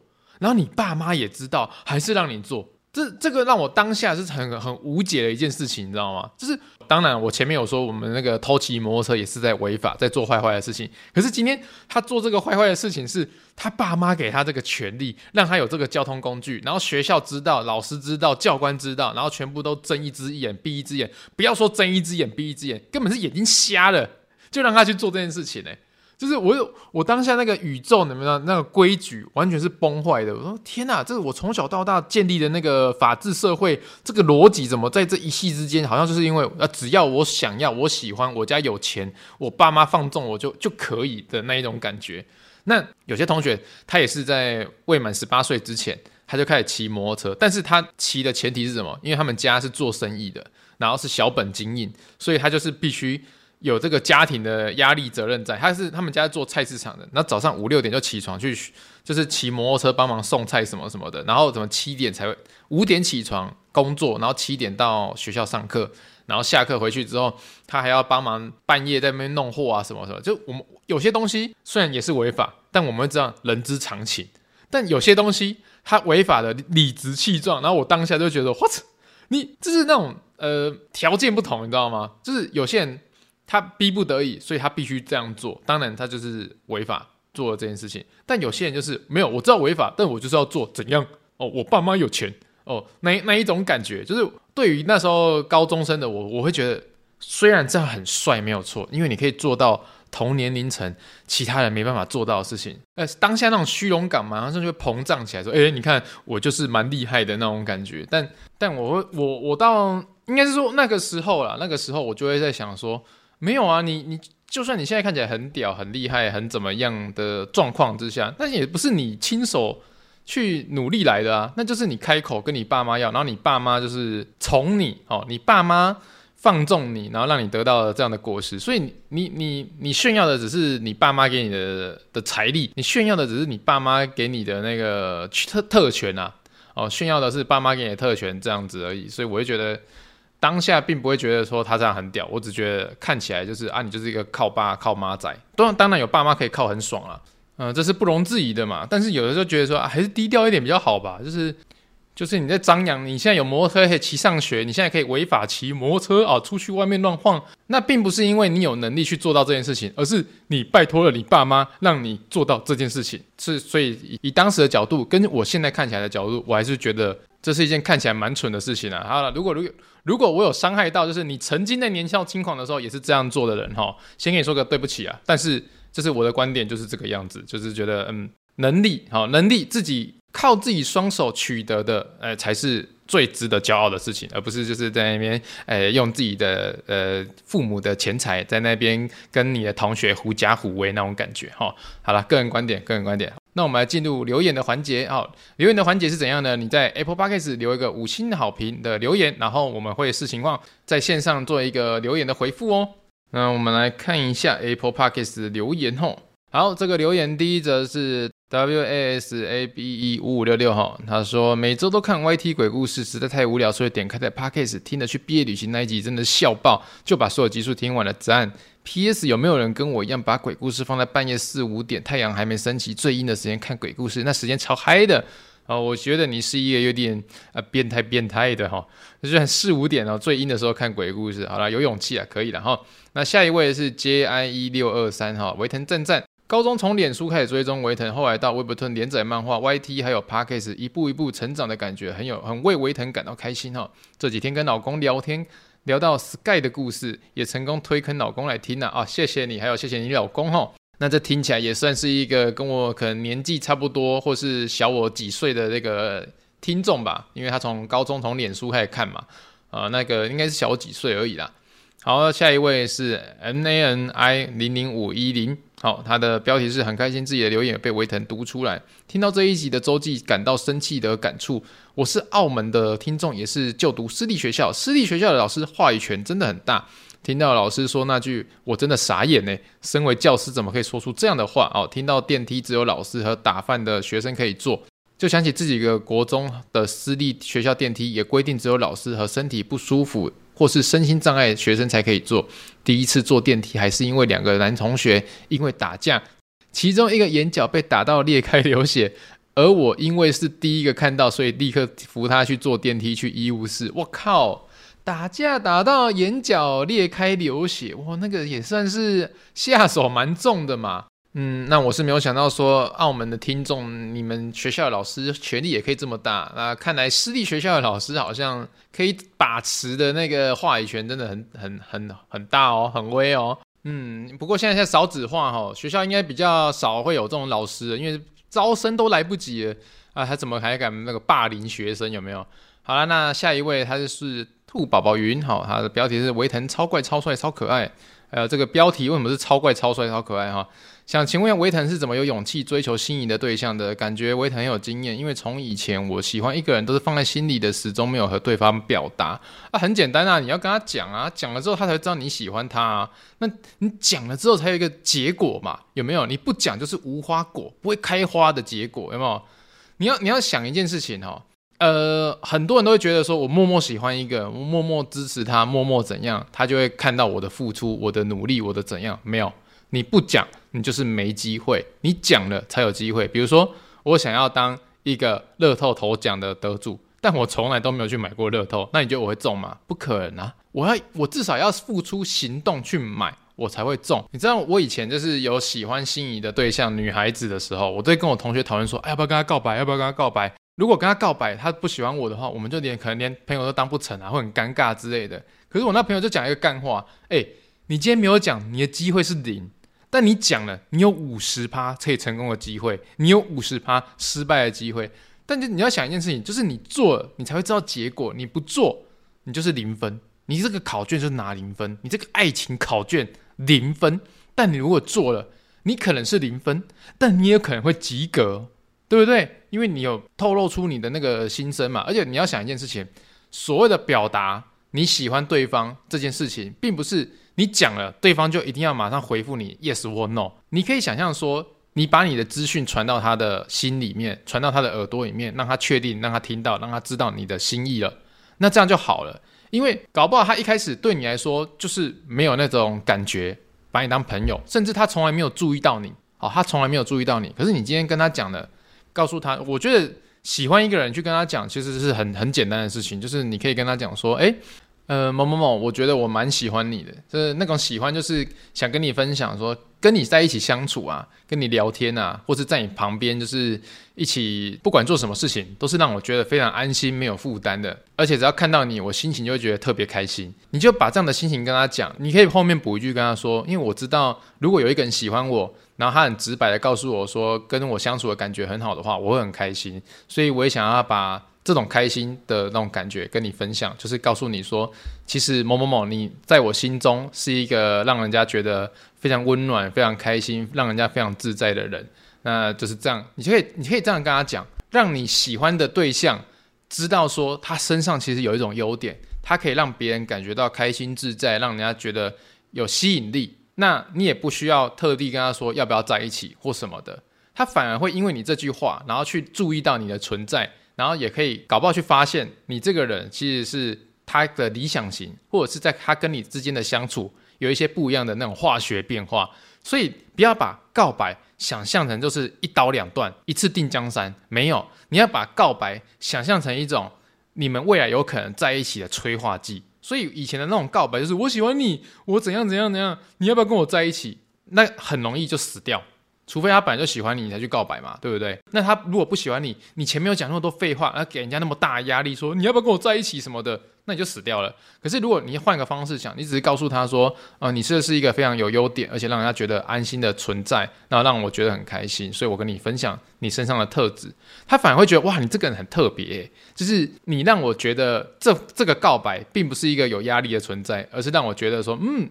然後你爸媽也知道，還是讓你做。這這個讓我當下是很很無解的一件事情，你知道嗎？就是當然，我前面有說我們那個偷騎摩托車也是在違法，在做壞壞的事情。可是今天他做這個壞壞的事情是，是他爸媽給他這個權利，讓他有這個交通工具，然後學校知道，老師知道，教官知道，然後全部都睜一隻眼閉一隻眼，不要說睜一隻眼閉一隻眼，根本是眼睛瞎了，就讓他去做這件事情呢、欸。就是我有我當下那個宇宙，裡面的那個規矩完全是崩壞的。我說天哪、啊,這是我從小到大建立的那個法治社會，這個邏輯怎麼在這一夕之間，好像就是因為啊，只要我想要，我喜歡，我家有錢，我爸媽放縱，我就就可以的那一種感覺。那有些同學他也是在未滿十八歲之前，他就開始騎摩托車，但是他騎的前提是什麼？因為他們家是做生意的，然後是小本經營，所以他就是必須。有這個家庭的壓力責任在，他是他們家做菜市場的，那早上五六點就起床去，就是騎摩托車幫忙送菜什麼什麼的，然後怎麼七點才會五點起床工作，然後七點到學校上課，然後下課回去之後，他還要幫忙半夜在那邊弄貨啊什麼什麼。就我們有些東西雖然也是違法，但我們知道人之常情，但有些東西他違法的理直氣壯，然後我當下就覺得，哇塞，你就是那種呃條件不同，你知道嗎？就是有些人。他逼不得已，所以他必須這樣做。當然，他就是違法做了這件事情。但有些人就是沒有我知道違法，但我就是要做怎樣哦？我爸媽有錢哦，那那一種感覺，就是對於那時候高中生的我，我會覺得雖然這樣很帥，沒有錯，因為你可以做到同年齡層其他人沒辦法做到的事情。那當下那種虛榮感馬上就會膨脹起來，說：“誒、欸，你看我就是蠻厲害的那種感覺。”但但我會我我到應該是說那個時候啦，那個時候我就會在想說。沒有啊，你你就算你現在看起來很屌、很厲害、很怎麼樣的狀況之下，那也不是你親手去努力來的啊，那就是你開口跟你爸媽要，然後你爸媽就是寵你哦，你爸媽放縱你，然後讓你得到了這樣的果實，所以你你你你炫耀的只是你爸媽給你的的財力，你炫耀的只是你爸媽給你的那個特特權啊，哦，炫耀的是爸媽給你的特權這樣子而已，所以我就覺得。當下並不會覺得說他這樣很屌，我只覺得看起來就是啊，你就是一個靠爸靠媽仔，當然當然有爸媽可以靠很爽啊，嗯，這是不容置疑的嘛。但是有的時候覺得說，啊，還是低調一點比較好吧，就是就是你在張揚，你現在有摩托車可以騎上學，你現在可以違法騎摩托車啊出去外面亂晃，那並不是因為你有能力去做到這件事情，而是你拜託了你爸媽讓你做到這件事情。是所以以，以當時的角度跟我現在看起來的角度，我還是覺得。這是一件看起來蠻蠢的事情啊！好了，如果如果如果我有傷害到，就是你曾經在年少輕狂的時候也是這樣做的人哈，先跟你說個對不起啊！但是這是我的觀點，就是這個樣子，就是覺得嗯，能力好，能力自己靠自己雙手取得的，呃，才是最值得驕傲的事情，而不是就是在那邊呃用自己的呃父母的錢財在那邊跟你的同學狐假虎威那種感覺哈！好了，個人觀點，個人觀點。那我們來進入留言的環節哦，留言的環節是怎樣呢？你在 Apple Podcasts 留一個五星好評的留言，然後我們會視情況在線上做一個留言的回復哦。那我們來看一下 Apple Podcasts 的留言哦。好，這個留言第一則是 W A S A B E 五五六六哈，他說每周都看 YT 鬼故事實在太無聊，所以點開在 Podcast 聽了去畢業旅行那一集真的是笑爆，就把所有集數聽完了，讚。PS 有沒有人跟我一樣把鬼故事放在半夜四五點，太陽還沒升起最陰的時間看鬼故事？那時間超嗨的啊！我覺得你是一個有點啊變態變態的哈，就算四五點哦最陰的時候看鬼故事。好啦，有勇氣啊，可以的哈。那下一位是 JIE 六二三哈，維騰讚讚，高中從臉書開始追蹤維騰，後來到 Webtoon 連載漫畫 YT 還有 Podcast，一步一步成長的感覺很有，很為維騰感到開心哈。這幾天跟老公聊天。聊到 Sky 的故事，也成功推坑老公來聽了啊、哦！謝謝你，還有謝謝你老公哦，那這聽起來也算是一個跟我可能年紀差不多，或是小我幾歲的那個聽眾吧，因為他從高中從臉書開始看嘛，啊、呃，那個應該是小我幾歲而已啦。好，下一位是 M A N I 零零五一零，好、哦，他的標題是很開心自己的留言也被維騰讀出來，聽到這一集的周記感到生氣的感觸。我是澳門的聽眾，也是就讀私立學校，私立學校的老師話語權真的很大。聽到老師說那句，我真的傻眼呢。身為教師，怎麼可以說出這樣的話？哦，聽到電梯只有老師和打飯的學生可以坐，就想起自己的國中的私立學校電梯也規定只有老師和身體不舒服或是身心障礙學生才可以坐。第一次坐電梯，還是因為兩個男同學因為打架，其中一個眼角被打到裂開流血。而我因為是第一個看到，所以立刻扶他去坐電梯去醫務室。我靠，打架打到眼角裂開流血，哇，那個也算是下手蠻重的嘛。嗯，那我是沒有想到說，澳門的聽眾，你們學校的老師權力也可以這麼大。那看來私立學校的老師好像可以把持的那個話語權，真的很很很很大哦，很威哦。嗯，不過現在在少子化哈、哦，學校應該比較少會有這種老師，因為。招生都來不及了啊！他怎麼還敢那個霸凌學生？有沒有？好了，那下一位，他就是兔寶寶雲，好，他的標題是維騰超怪超帥超可愛。呃，還有這個標題為什麼是超怪、超帥、超可愛哈？想請問一下，威騰是怎麼有勇氣追求心儀的對象的？感覺威騰很有經驗，因為從以前我喜歡一個人都是放在心裡的，始終沒有和對方表達。啊，很簡單啊，你要跟他講啊，講了之後他才知道你喜歡他啊。那你講了之後才有一個結果嘛，有沒有？你不講就是無花果，不會開花的結果，有沒有？你要你要想一件事情哈。呃，很多人都會覺得說，我默默喜歡一個人，默默支持他，默默怎樣，他就會看到我的付出、我的努力、我的怎樣？沒有，你不講，你就是沒機會，你講了才有機會。比如說，我想要當一個樂透頭獎的得主，但我從來都沒有去買過樂透，那你覺得我會中嗎？不可能啊！我要，我至少要付出行動去買，我才會中。你知道，我以前就是有喜歡心儀的對象，女孩子的時候，我都會跟我同學討論說，哎，要不要跟她告白？要不要跟她告白？如果跟他告白，他不喜歡我的話，我們就連可能連朋友都當不成啊，會很尷尬之類的。可是我那朋友就講一個幹話，誒、欸，你今天沒有講，你的機會是零，但你講了，你有五十趴可以成功的機會，你有五十趴失敗的機會。但你要想一件事情，就是你做了，你才會知道結果，你不做，你就是零分，你這個考卷就拿零分，你這個愛情考卷零分。但你如果做了，你可能是零分，但你也可能會及格。對不對？因為你有透露出你的那個心聲嘛，而且你要想一件事情，所謂的表達你喜歡對方這件事情，並不是你講了對方就一定要馬上回復你 yes or no。你可以想象說，你把你的資訊傳到他的心裡面，傳到他的耳朵裡面，讓他確定，讓他聽到，讓他知道你的心意了，那這樣就好了。因為搞不好他一開始對你來說就是沒有那種感覺，把你當朋友，甚至他從來沒有注意到你。好、哦，他從來沒有注意到你，可是你今天跟他講的。告訴他，我覺得喜歡一個人去跟他講，其實是很很簡單的事情，就是你可以跟他講說，哎、欸。呃，某某某，我覺得我蠻喜歡你的，就是那種喜歡，就是想跟你分享說，說跟你在一起相處啊，跟你聊天啊，或是在你旁邊，就是一起不管做什麼事情，都是讓我覺得非常安心、沒有負擔的。而且只要看到你，我心情就會覺得特別開心。你就把這樣的心情跟他講，你可以後面補一句跟他說，因為我知道如果有一個人喜歡我，然後他很直白的告訴我說跟我相處的感覺很好的話，我會很開心。所以我也想要把。這種開心的那種感覺，跟你分享，就是告訴你說，其實某某某，你在我心中是一個讓人家覺得非常溫暖、非常開心、讓人家非常自在的人。那就是這樣，你就可以，你可以這樣跟他講，讓你喜歡的對象知道說，他身上其實有一種優點，他可以讓別人感覺到開心自在，讓人家覺得有吸引力。那你也不需要特地跟他說要不要在一起或什麼的，他反而會因為你這句話，然後去注意到你的存在。然後也可以搞不好去發現，你這個人其實是他的理想型，或者是在他跟你之間的相處有一些不一樣的那種化學變化。所以不要把告白想象成就是一刀兩斷、一次定江山，沒有。你要把告白想象成一種你們未來有可能在一起的催化劑。所以以前的那種告白就是我喜歡你，我怎樣怎樣怎樣，你要不要跟我在一起？那很容易就死掉。除非他本來就喜歡你，你才去告白嘛，對不對？那他如果不喜歡你，你前面又講那麼多廢話，而給人家那麼大壓力說，說你要不要跟我在一起什麼的，那你就死掉了。可是如果你換個方式想，你只是告訴他說，呃，你是一個非常有優點，而且讓人家覺得安心的存在，那讓我覺得很開心，所以我跟你分享你身上的特質，他反而會覺得哇，你這個人很特別，就是你讓我覺得這這個告白並不是一個有壓力的存在，而是讓我覺得說，嗯。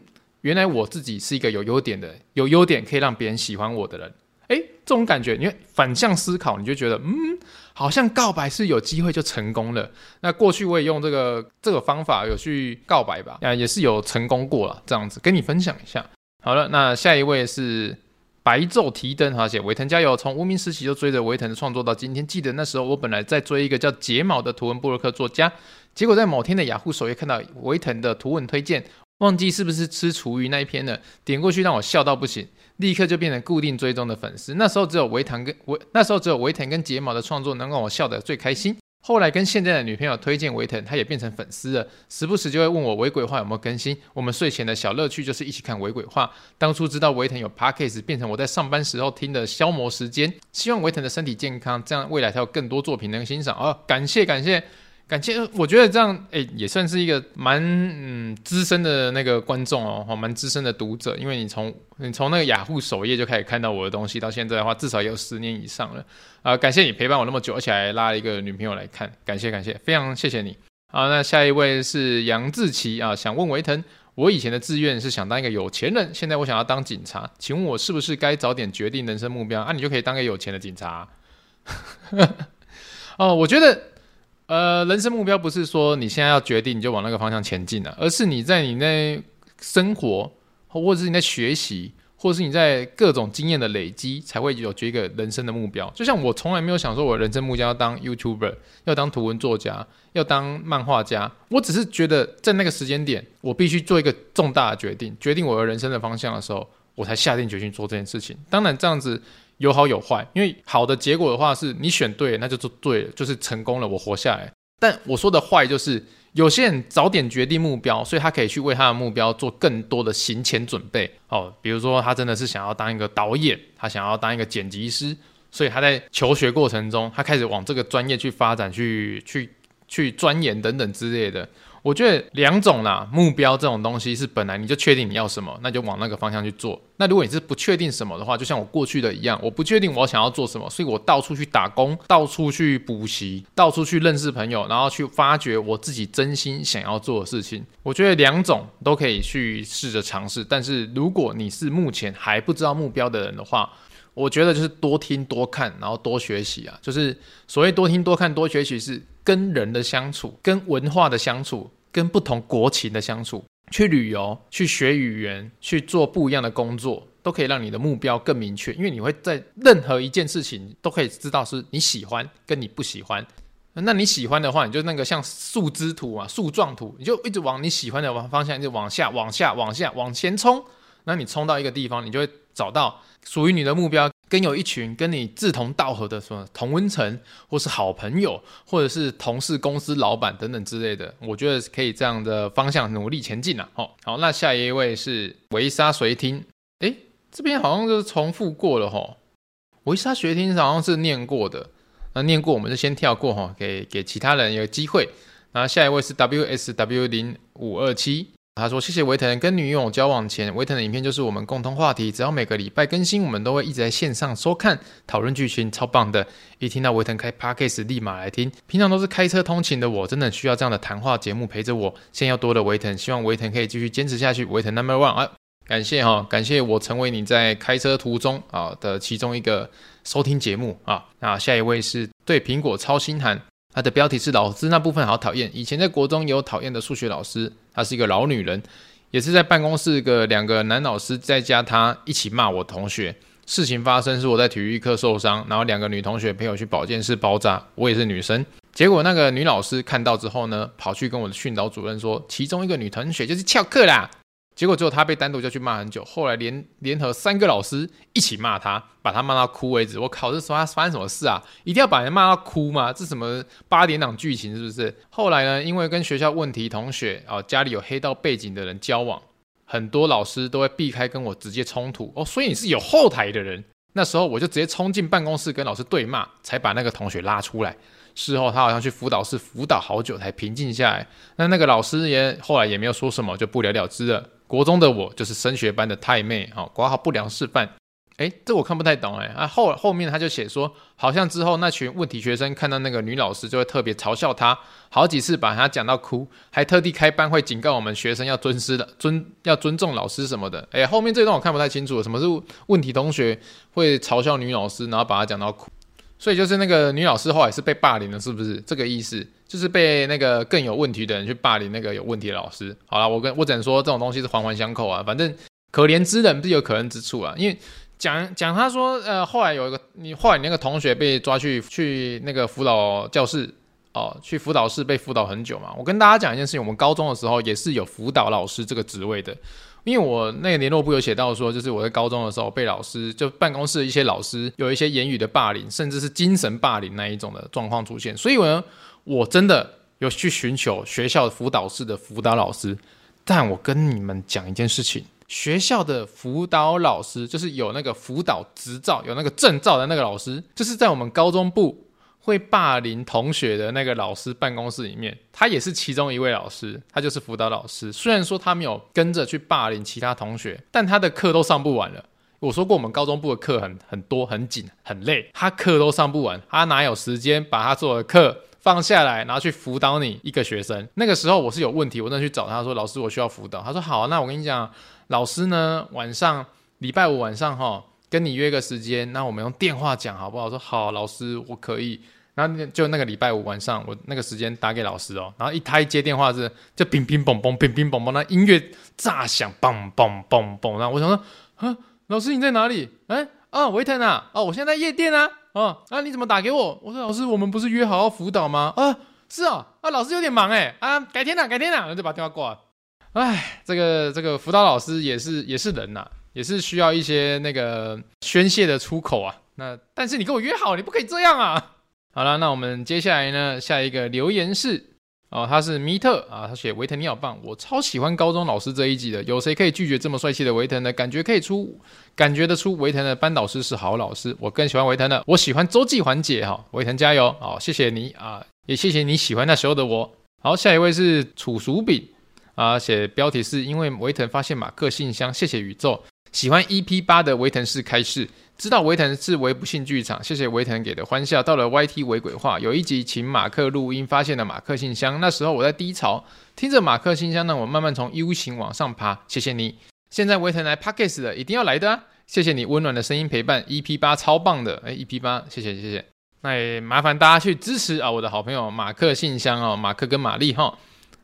原來我自己是一個有優點的，有優點可以讓別人喜歡我的人，哎，這種感覺，你會反向思考，你就覺得，嗯，好像告白是有機會就成功了。那過去我也用這個這個方法有去告白吧，啊，也是有成功過了，這樣子跟你分享一下。好了，那下一位是白晝提燈，哈姐，維騰加油！從無名時期就追着維騰的創作到今天，記得那時候我本來在追一個叫睫毛的圖文部落客作家，結果在某天的雅虎、ah、首頁看到維騰的圖文推薦。忘記是不是吃廚餘那一篇了？點過去讓我笑到不行，立刻就變成固定追蹤的粉絲。那時候只有微疼跟微，那時候只有微疼跟睫毛的創作能讓我笑得最開心。後來跟現在的女朋友推薦微疼，她也變成粉絲了，時不時就會問我微鬼畫有沒有更新。我們睡前的小樂趣就是一起看微鬼畫。當初知道微疼有 Podcast，變成我在上班時候聽的消磨時間。希望微疼的身體健康，這樣未來才有更多作品能欣賞。哦，感謝感謝。感謝，我覺得這樣，哎、欸，也算是一個蠻嗯資深的那個觀眾哦，哈，蠻資深的讀者，因為你從你從那個雅虎、ah、首頁就開始看到我的東西，到現在的話，至少也有十年以上了啊、呃！感謝你陪伴我那麼久，而且還拉一個女朋友來看，感謝感謝，非常謝謝你好、啊，那下一位是楊志奇啊，想問維騰，我以前的志願是想當一個有錢人，現在我想要當警察，請問我是不是該早點決定人生目標啊？你就可以當一個有錢的警察、啊。哦、 [laughs] 啊，我覺得。呃，人生目標不是說你現在要決定你就往那個方向前進了啊，而是你在你那生活，或者是你在學習，或者是你在各種經驗的累積，才會有決一個人生的目標。就像我從來沒有想說，我的人生目標要當 YouTuber，要當圖文作家，要當漫畫家。我只是覺得，在那個時間點，我必須做一個重大的決定，決定我的人生的方向的時候，我才下定決心做這件事情。當然，這樣子。有好有壞，因為好的結果的話是，你選對了，那就做對了，就是成功了，我活下來。但我說的壞就是，有些人早點決定目標，所以他可以去為他的目標做更多的行前準備。哦，比如說他真的是想要當一個導演，他想要當一個剪輯師，所以他在求學過程中，他開始往這個專業去發展，去去去鑽研等等之類的。我覺得兩種啦、啊，目標這種東西是本來你就確定你要什麼，那就往那個方向去做。那如果你是不確定什麼的話，就像我過去的一樣，我不確定我要想要做什麼，所以我到處去打工，到處去補習，到處去認識朋友，然後去發掘我自己真心想要做的事情。我覺得兩種都可以去試着嘗試。但是如果你是目前還不知道目標的人的話，我覺得就是多聽多看，然後多學習啊。就是所謂多聽多看多學習，是跟人的相處，跟文化的相處。跟不同國情的相處，去旅遊，去學語言，去做不一樣的工作，都可以讓你的目標更明確。因為你會在任何一件事情都可以知道是你喜歡跟你不喜歡。那你喜歡的話，你就那個像樹枝圖啊，樹狀圖，你就一直往你喜歡的方向，就往下、往下、往下往前衝。那你衝到一個地方，你就會找到屬於你的目標。跟有一群跟你志同道合的什麼同溫層，或是好朋友，或者是同事、公司老闆等等之類的，我覺得可以這樣的方向努力前進了哦，好，那下一位是維沙隨聽，哎、欸，這邊好像就是重複過了哈。維沙隨聽好像是念過的，那念過我們就先跳過哈，給給其他人有機會。那下一位是、WS、W S W 零五二七。他說：“謝謝維騰，跟女友交往前，維騰的影片就是我們共同話題。只要每個禮拜更新，我們都會一直在線上收看、討論劇情，超棒的。一聽到維騰開 podcast，立馬來聽。平常都是開車通勤的我，真的需要這樣的談話節目陪着我。現在要多的維騰，希望維騰可以繼續堅持下去。維騰 number one 啊，感謝哈、哦，感謝我成為你在開車途中啊的其中一個收聽節目啊。那下一位是對蘋果超心寒。”他的標題是老師那部分好討厭。以前在國中有討厭的數學老師，她是一個老女人，也是在辦公室個兩個男老師在加她一起罵我同學。事情發生是我在體育課受傷，然後兩個女同學陪我去保健室包紮，我也是女生。結果那個女老師看到之後呢，跑去跟我的訓導主任說，其中一個女同學就是翹課啦。結果只有他被單獨叫去罵很久，後來聯聯合三個老師一起罵他，把他罵到哭為止。我考的時候他發生什麼事啊？一定要把人罵到哭嗎？這什麼八點檔劇情是不是？後來呢，因為跟學校問題同學啊、哦，家裡有黑道背景的人交往，很多老師都會避開跟我直接衝突哦。所以你是有後台的人。那時候我就直接衝進辦公室跟老師對罵，才把那個同學拉出來。事後他好像去輔導室輔導好久才平靜下來。那那個老師也後來也沒有說什麼，就不了了之了。國中的我就是升學班的太妹，好，管好不良示範。欸，這我看不太懂欸。啊後後面他就寫說，好像之後那群問題學生看到那個女老師就會特別嘲笑她，好幾次把她講到哭，還特地開班會警告我們學生要尊師的尊，要尊重老師什麼的。欸，後面這段我看不太清楚，什麼是問題同學會嘲笑女老師，然後把她講到哭。所以就是那個女老師後來是被霸凌了，是不是這個意思？就是被那個更有問題的人去霸凌那個有問題的老師。好了，我跟我只能說，這種東西是環環相扣啊。反正可憐之人必有可恨之處啊。因為講講，他說呃，後來有一個，你後來你那個同學被抓去去那個輔導教室哦，去輔導室被輔導很久嘛。我跟大家講一件事情，我們高中的時候也是有輔導老師這個職位的。因為我那個聯絡簿有寫到說，就是我在高中的時候被老師就辦公室的一些老師有一些言語的霸凌，甚至是精神霸凌那一種的狀況出現，所以我呢。我真的有去尋求學校輔導室的輔導老師，但我跟你們講一件事情：學校的輔導老師就是有那個輔導執照、有那個證照的那個老師，就是在我們高中部會霸凌同學的那個老師辦公室裡面，他也是其中一位老師，他就是輔導老師。雖然說他沒有跟着去霸凌其他同學，但他的課都上不完了。我說過，我們高中部的課很很多、很緊、很累，他課都上不完，他哪有時間把他做的課？放下來，然後去輔導你一個學生。那個時候我是有問題，我那去找他說：“老師，我需要輔導。”他說：“好，那我跟你講，老師呢，晚上禮拜五晚上哈，跟你約個時間，那我們用電話講好不好？”我說：“好，老師，我可以。”然後就那個禮拜五晚上，我那個時間打給老師哦。然後一他一接電話是就乒乒嘣嘣，乒乒嘣嘣，那音樂炸響，嘣嘣嘣嘣。然後我想說：“啊，老師你在哪裡？”哎啊，維騰啊，哦，我現在在夜店啊。啊、哦、啊！你怎麼打給我？我說，老師，我們不是約好要輔導嗎？啊，是啊、哦，啊，老師有點忙哎，啊，改天吶、啊、改天吶、啊，那就把電話掛了。唉，這個這個輔導老師也是也是人吶、啊，也是需要一些那個宣泄的出口啊。那但是你跟我約好，你不可以這樣啊。好了，那我們接下來呢？下一個留言是。哦，他是米特啊，他寫維騰，藤你好棒，我超喜歡高中老師這一集的，有誰可以拒絕這麼帥氣的維騰呢？感覺可以出，感覺得出維騰的班導師是好老師，我更喜歡維騰的，我喜歡週記環節哈，維、哦、騰加油，好、哦、謝謝你啊，也謝謝你喜歡那時候的我，好，下一位是楚薯餅啊，寫標題是因為維騰發現馬克信箱，謝謝宇宙，喜歡 EP 八的維騰式開釋。知道維騰是維不幸劇場，謝謝維騰給的歡笑。到了 YT 維鬼話，有一集請馬克錄音，發現了馬克信箱。那時候我在低潮，聽着馬克信箱，讓我慢慢從 U 型往上爬。謝謝你，現在維騰來 Podcast 了，一定要來的。啊！謝謝你溫暖的聲音陪伴。EP 八超棒的，哎、欸、EP 八，謝謝謝謝。那也麻煩大家去支持啊，我的好朋友馬克信箱哦、喔，馬克跟瑪麗哈。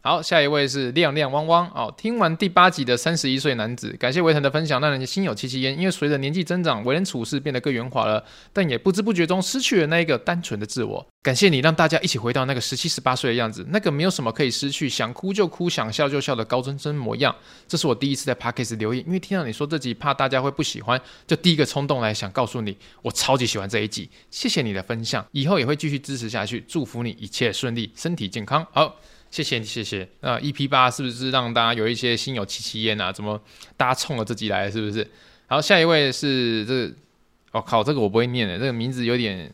好，下一位是亮亮汪汪哦。聽完第八集的三十一歲男子，感謝維騰的分享，讓人心有戚戚焉。因為隨着年紀增長，為人處事變得更圓滑了，但也不知不覺中失去了那個單純的自我。感謝你，讓大家一起回到那個十七、十八歲的樣子，那個沒有什麼可以失去，想哭就哭，想笑就笑的高中生模樣。這是我第一次在 Podcast 留言，因為聽到你說這集怕大家會不喜歡，就第一個衝動來想告訴你，我超級喜歡這一集，謝謝你的分享，以後也會繼續支持下去，祝福你一切順利，身體健康。好。謝謝謝謝，那 EP8 是不是讓大家有一些心有戚戚焉啊？怎麼大家衝了這集來？是不是？然後下一位是這個，我、哦、靠，這個我不會念的，這個名字有點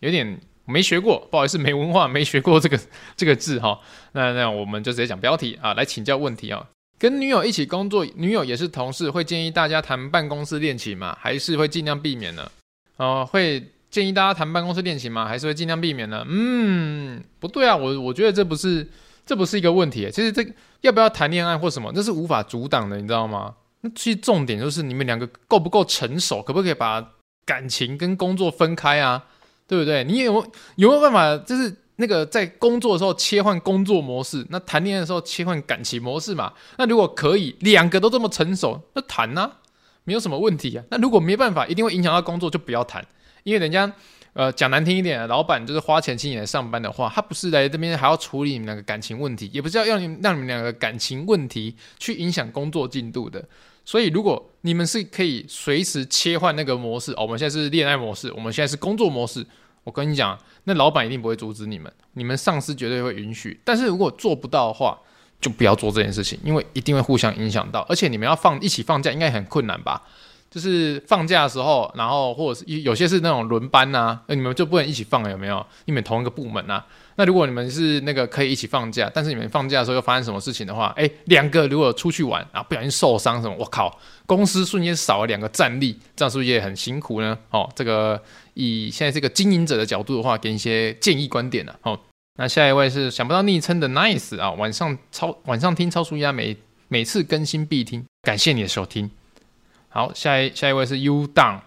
有點沒學過，不好意思，沒文化，沒學過這個這個字哈、哦。那那我們就直接講標題啊，來請教問題啊、哦。跟女友一起工作，女友也是同事，會建議大家談辦公室戀情嗎？還是會盡量避免呢？啊、哦，會建議大家談辦公室戀情嗎？還是會盡量避免呢？嗯，不對啊，我我覺得這不是。這不是一個問題，其實這要不要談戀愛或什麼，那是無法阻擋的，你知道嗎？那其實重點就是你們兩個夠不夠成熟，可不可以把感情跟工作分開啊？對不對？你有有沒有辦法，就是那個在工作的時候切換工作模式，那談戀愛的時候切換感情模式嘛？那如果可以，兩個都這麼成熟，那談啊，沒有什麼問題啊。那如果沒辦法，一定會影響到工作，就不要談，因為人家。呃，講難聽一點啊，老闆就是花錢請你來上班的話，他不是來這邊還要處理你們兩個感情問題，也不是要讓你們讓你們兩個感情問題去影響工作進度的。所以，如果你們是可以隨時切換那個模式，哦，我們現在是戀愛模式，我們現在是工作模式，我跟你講，那老闆一定不會阻止你們，你們上司絕對會允許。但是如果做不到的話，就不要做這件事情，因為一定會互相影響到。而且你們要放一起放假，應該很困難吧？就是放假的時候，然後或者是有有些是那種輪班啊，那你們就不能一起放、欸，有沒有？你們同一個部門啊。那如果你們是那個可以一起放假，但是你們放假的時候又發生什麼事情的話，哎、欸，兩個如果出去玩，啊，不小心受傷什麼，我靠，公司瞬間少了兩個戰力，這樣是不是也很辛苦呢？哦，這個以現在這個經營者的角度的話，給你一些建議觀點呢、啊。哦，那下一位是想不到昵稱的 Nice 啊，晚上超晚上聽超舒壓每每次更新必聽，感謝你的收聽。好，下一下一位是 U dang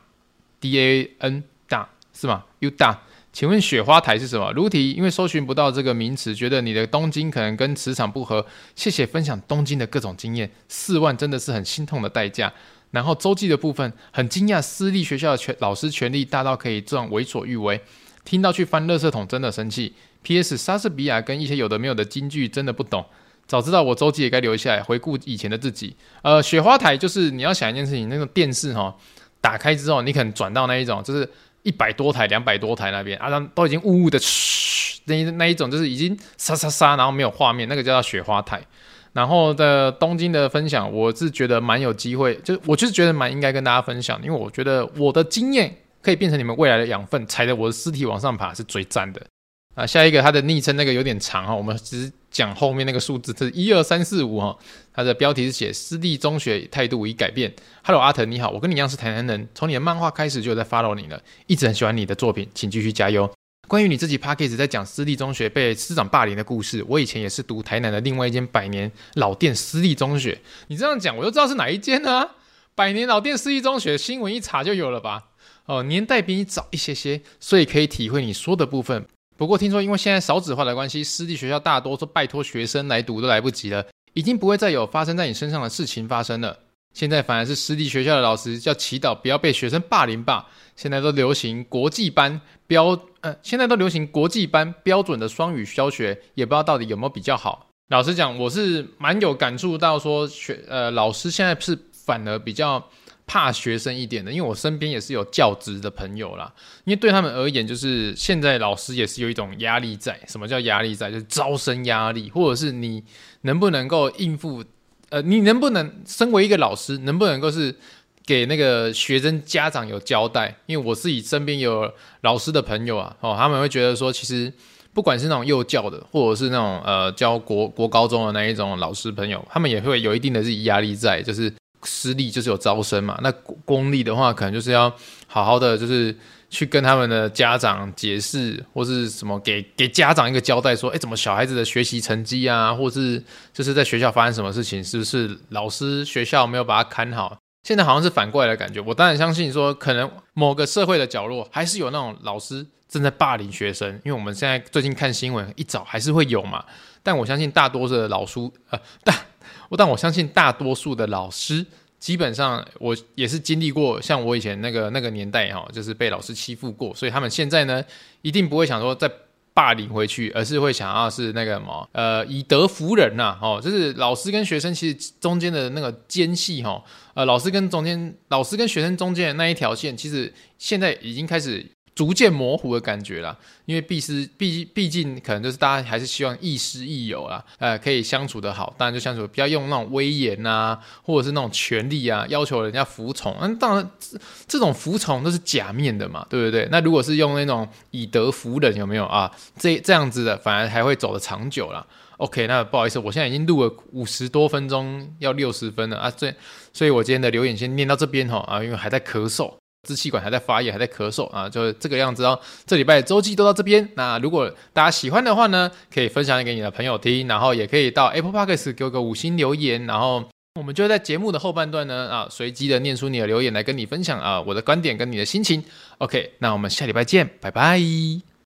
D A N dang 是嗎？U dang 請問雪花台是什麼？如題，因為搜尋不到這個名詞，覺得你的東京可能跟磁場不合。謝謝分享東京的各種經驗，四萬真的是很心痛的代價。然後週記的部分，很驚訝私立學校的權老師權力大到可以這樣為所欲為，聽到去翻垃圾桶真的生氣。P.S. 莎士比亞跟一些有的沒有的京劇真的不懂。早知道我週記也該留下來回顧以前的自己。呃，雪花台就是你要想一件事情，那個電視哈打開之後，你可能轉到那一種，就是一百多台、兩百多台那邊啊，那都已經嗚嗚的，那一那一種就是已經沙沙沙，然後沒有畫面，那個叫做雪花台。然後的東京的分享，我是覺得蠻有機會，就我就是覺得蠻應該跟大家分享，因為我覺得我的經驗可以變成你們未來的養分，踩着我的屍體往上爬是最讚的啊、呃！下一個它的昵稱那個有點長啊，我們只是。講後面那個數字，這是一二三四五哈。它的標題是寫私立中學態度已改變。Hello，阿騰你好，我跟你一樣是台南人，從你的漫畫開始就有在 follow 你了，一直很喜歡你的作品，請繼續加油。關於你這集 Podcast 在講私立中學被師長霸凌的故事，我以前也是讀台南的另外一間百年老店私立中學。你這樣講，我就知道是哪一間呢？百年老店私立中學新聞一查就有了吧？哦、呃，年代比你早一些些，所以可以體會你說的部分。不過聽說，因為現在少子化的關係，私立學校大多數拜托學生來讀都來不及了，已經不會再有發生在你身上的事情發生了。現在反而是私立學校的老師叫祈禱，不要被學生霸凌霸。現在都流行國際班標，呃，現在都流行國際班標準的雙語教學，也不知道到底有沒有比較好。老實講，我是蠻有感觸到說學，學呃老師現在是反而比較怕學生一點的，因為我身邊也是有教職的朋友啦。因為對他們而言，就是現在老師也是有一種壓力在。什麼叫壓力在？就是招生壓力，或者是你能不能夠應付？呃，你能不能身為一個老師，能不能夠是給那個學生家長有交代？因為我自己身邊有老師的朋友啊，哦，他們會覺得說，其實不管是那種幼教的，或者是那種呃教國，國高中的那一種老師朋友，他們也會有一定的自己壓力在，就是。私立就是有招生嘛，那公立的話，可能就是要好好的就是去跟他們的家長解釋，或是什麼給給家長一個交代，說，哎，怎麼小孩子的學習成績啊，或是就是在學校發生什麼事情，是不是老師學校沒有把他看好？現在好像是反過來的感覺，我當然相信說，可能某個社會的角落還是有那種老師正在霸凌學生，因為我們現在最近看新聞一早還是會有嘛，但我相信大多數的老師呃，大不但我相信，大多數的老師基本上，我也是經歷過，像我以前那個那個年代哈、哦，就是被老師欺負過，所以他們現在呢，一定不會想說再霸凌回去，而是會想要是那個什麼，呃，以德服人吶、啊，哦，就是老師跟學生其實中間的那個間隙哈，呃，老師跟中間老師跟學生中間的那一條線，其實現在已經開始。逐漸模糊的感覺了，因為畢是畢畢竟可能就是大家還是希望亦師亦友啦，呃，可以相處的好，當然就相處不要用那種威嚴啊，或者是那種權力啊，要求人家服從，那當然這這種服從都是假面的嘛，對不對？那如果是用那種以德服人，有沒有啊？這這樣子的反而還會走得長久了。OK，那不好意思，我現在已經錄了五十多分鐘，要六十分了啊，所以所以我今天的留言先念到這邊哈，啊，因為還在咳嗽。支氣管還在發炎，還在咳嗽啊，就是這個樣子哦。這禮拜的週記都到這邊。那如果大家喜歡的話呢，可以分享給你的朋友聽，然後也可以到 Apple Podcast 給我個五星留言。然後我們就在節目的後半段呢，啊，隨機的念出你的留言來跟你分享啊，我的觀點跟你的心情。OK，那我們下禮拜見，拜拜。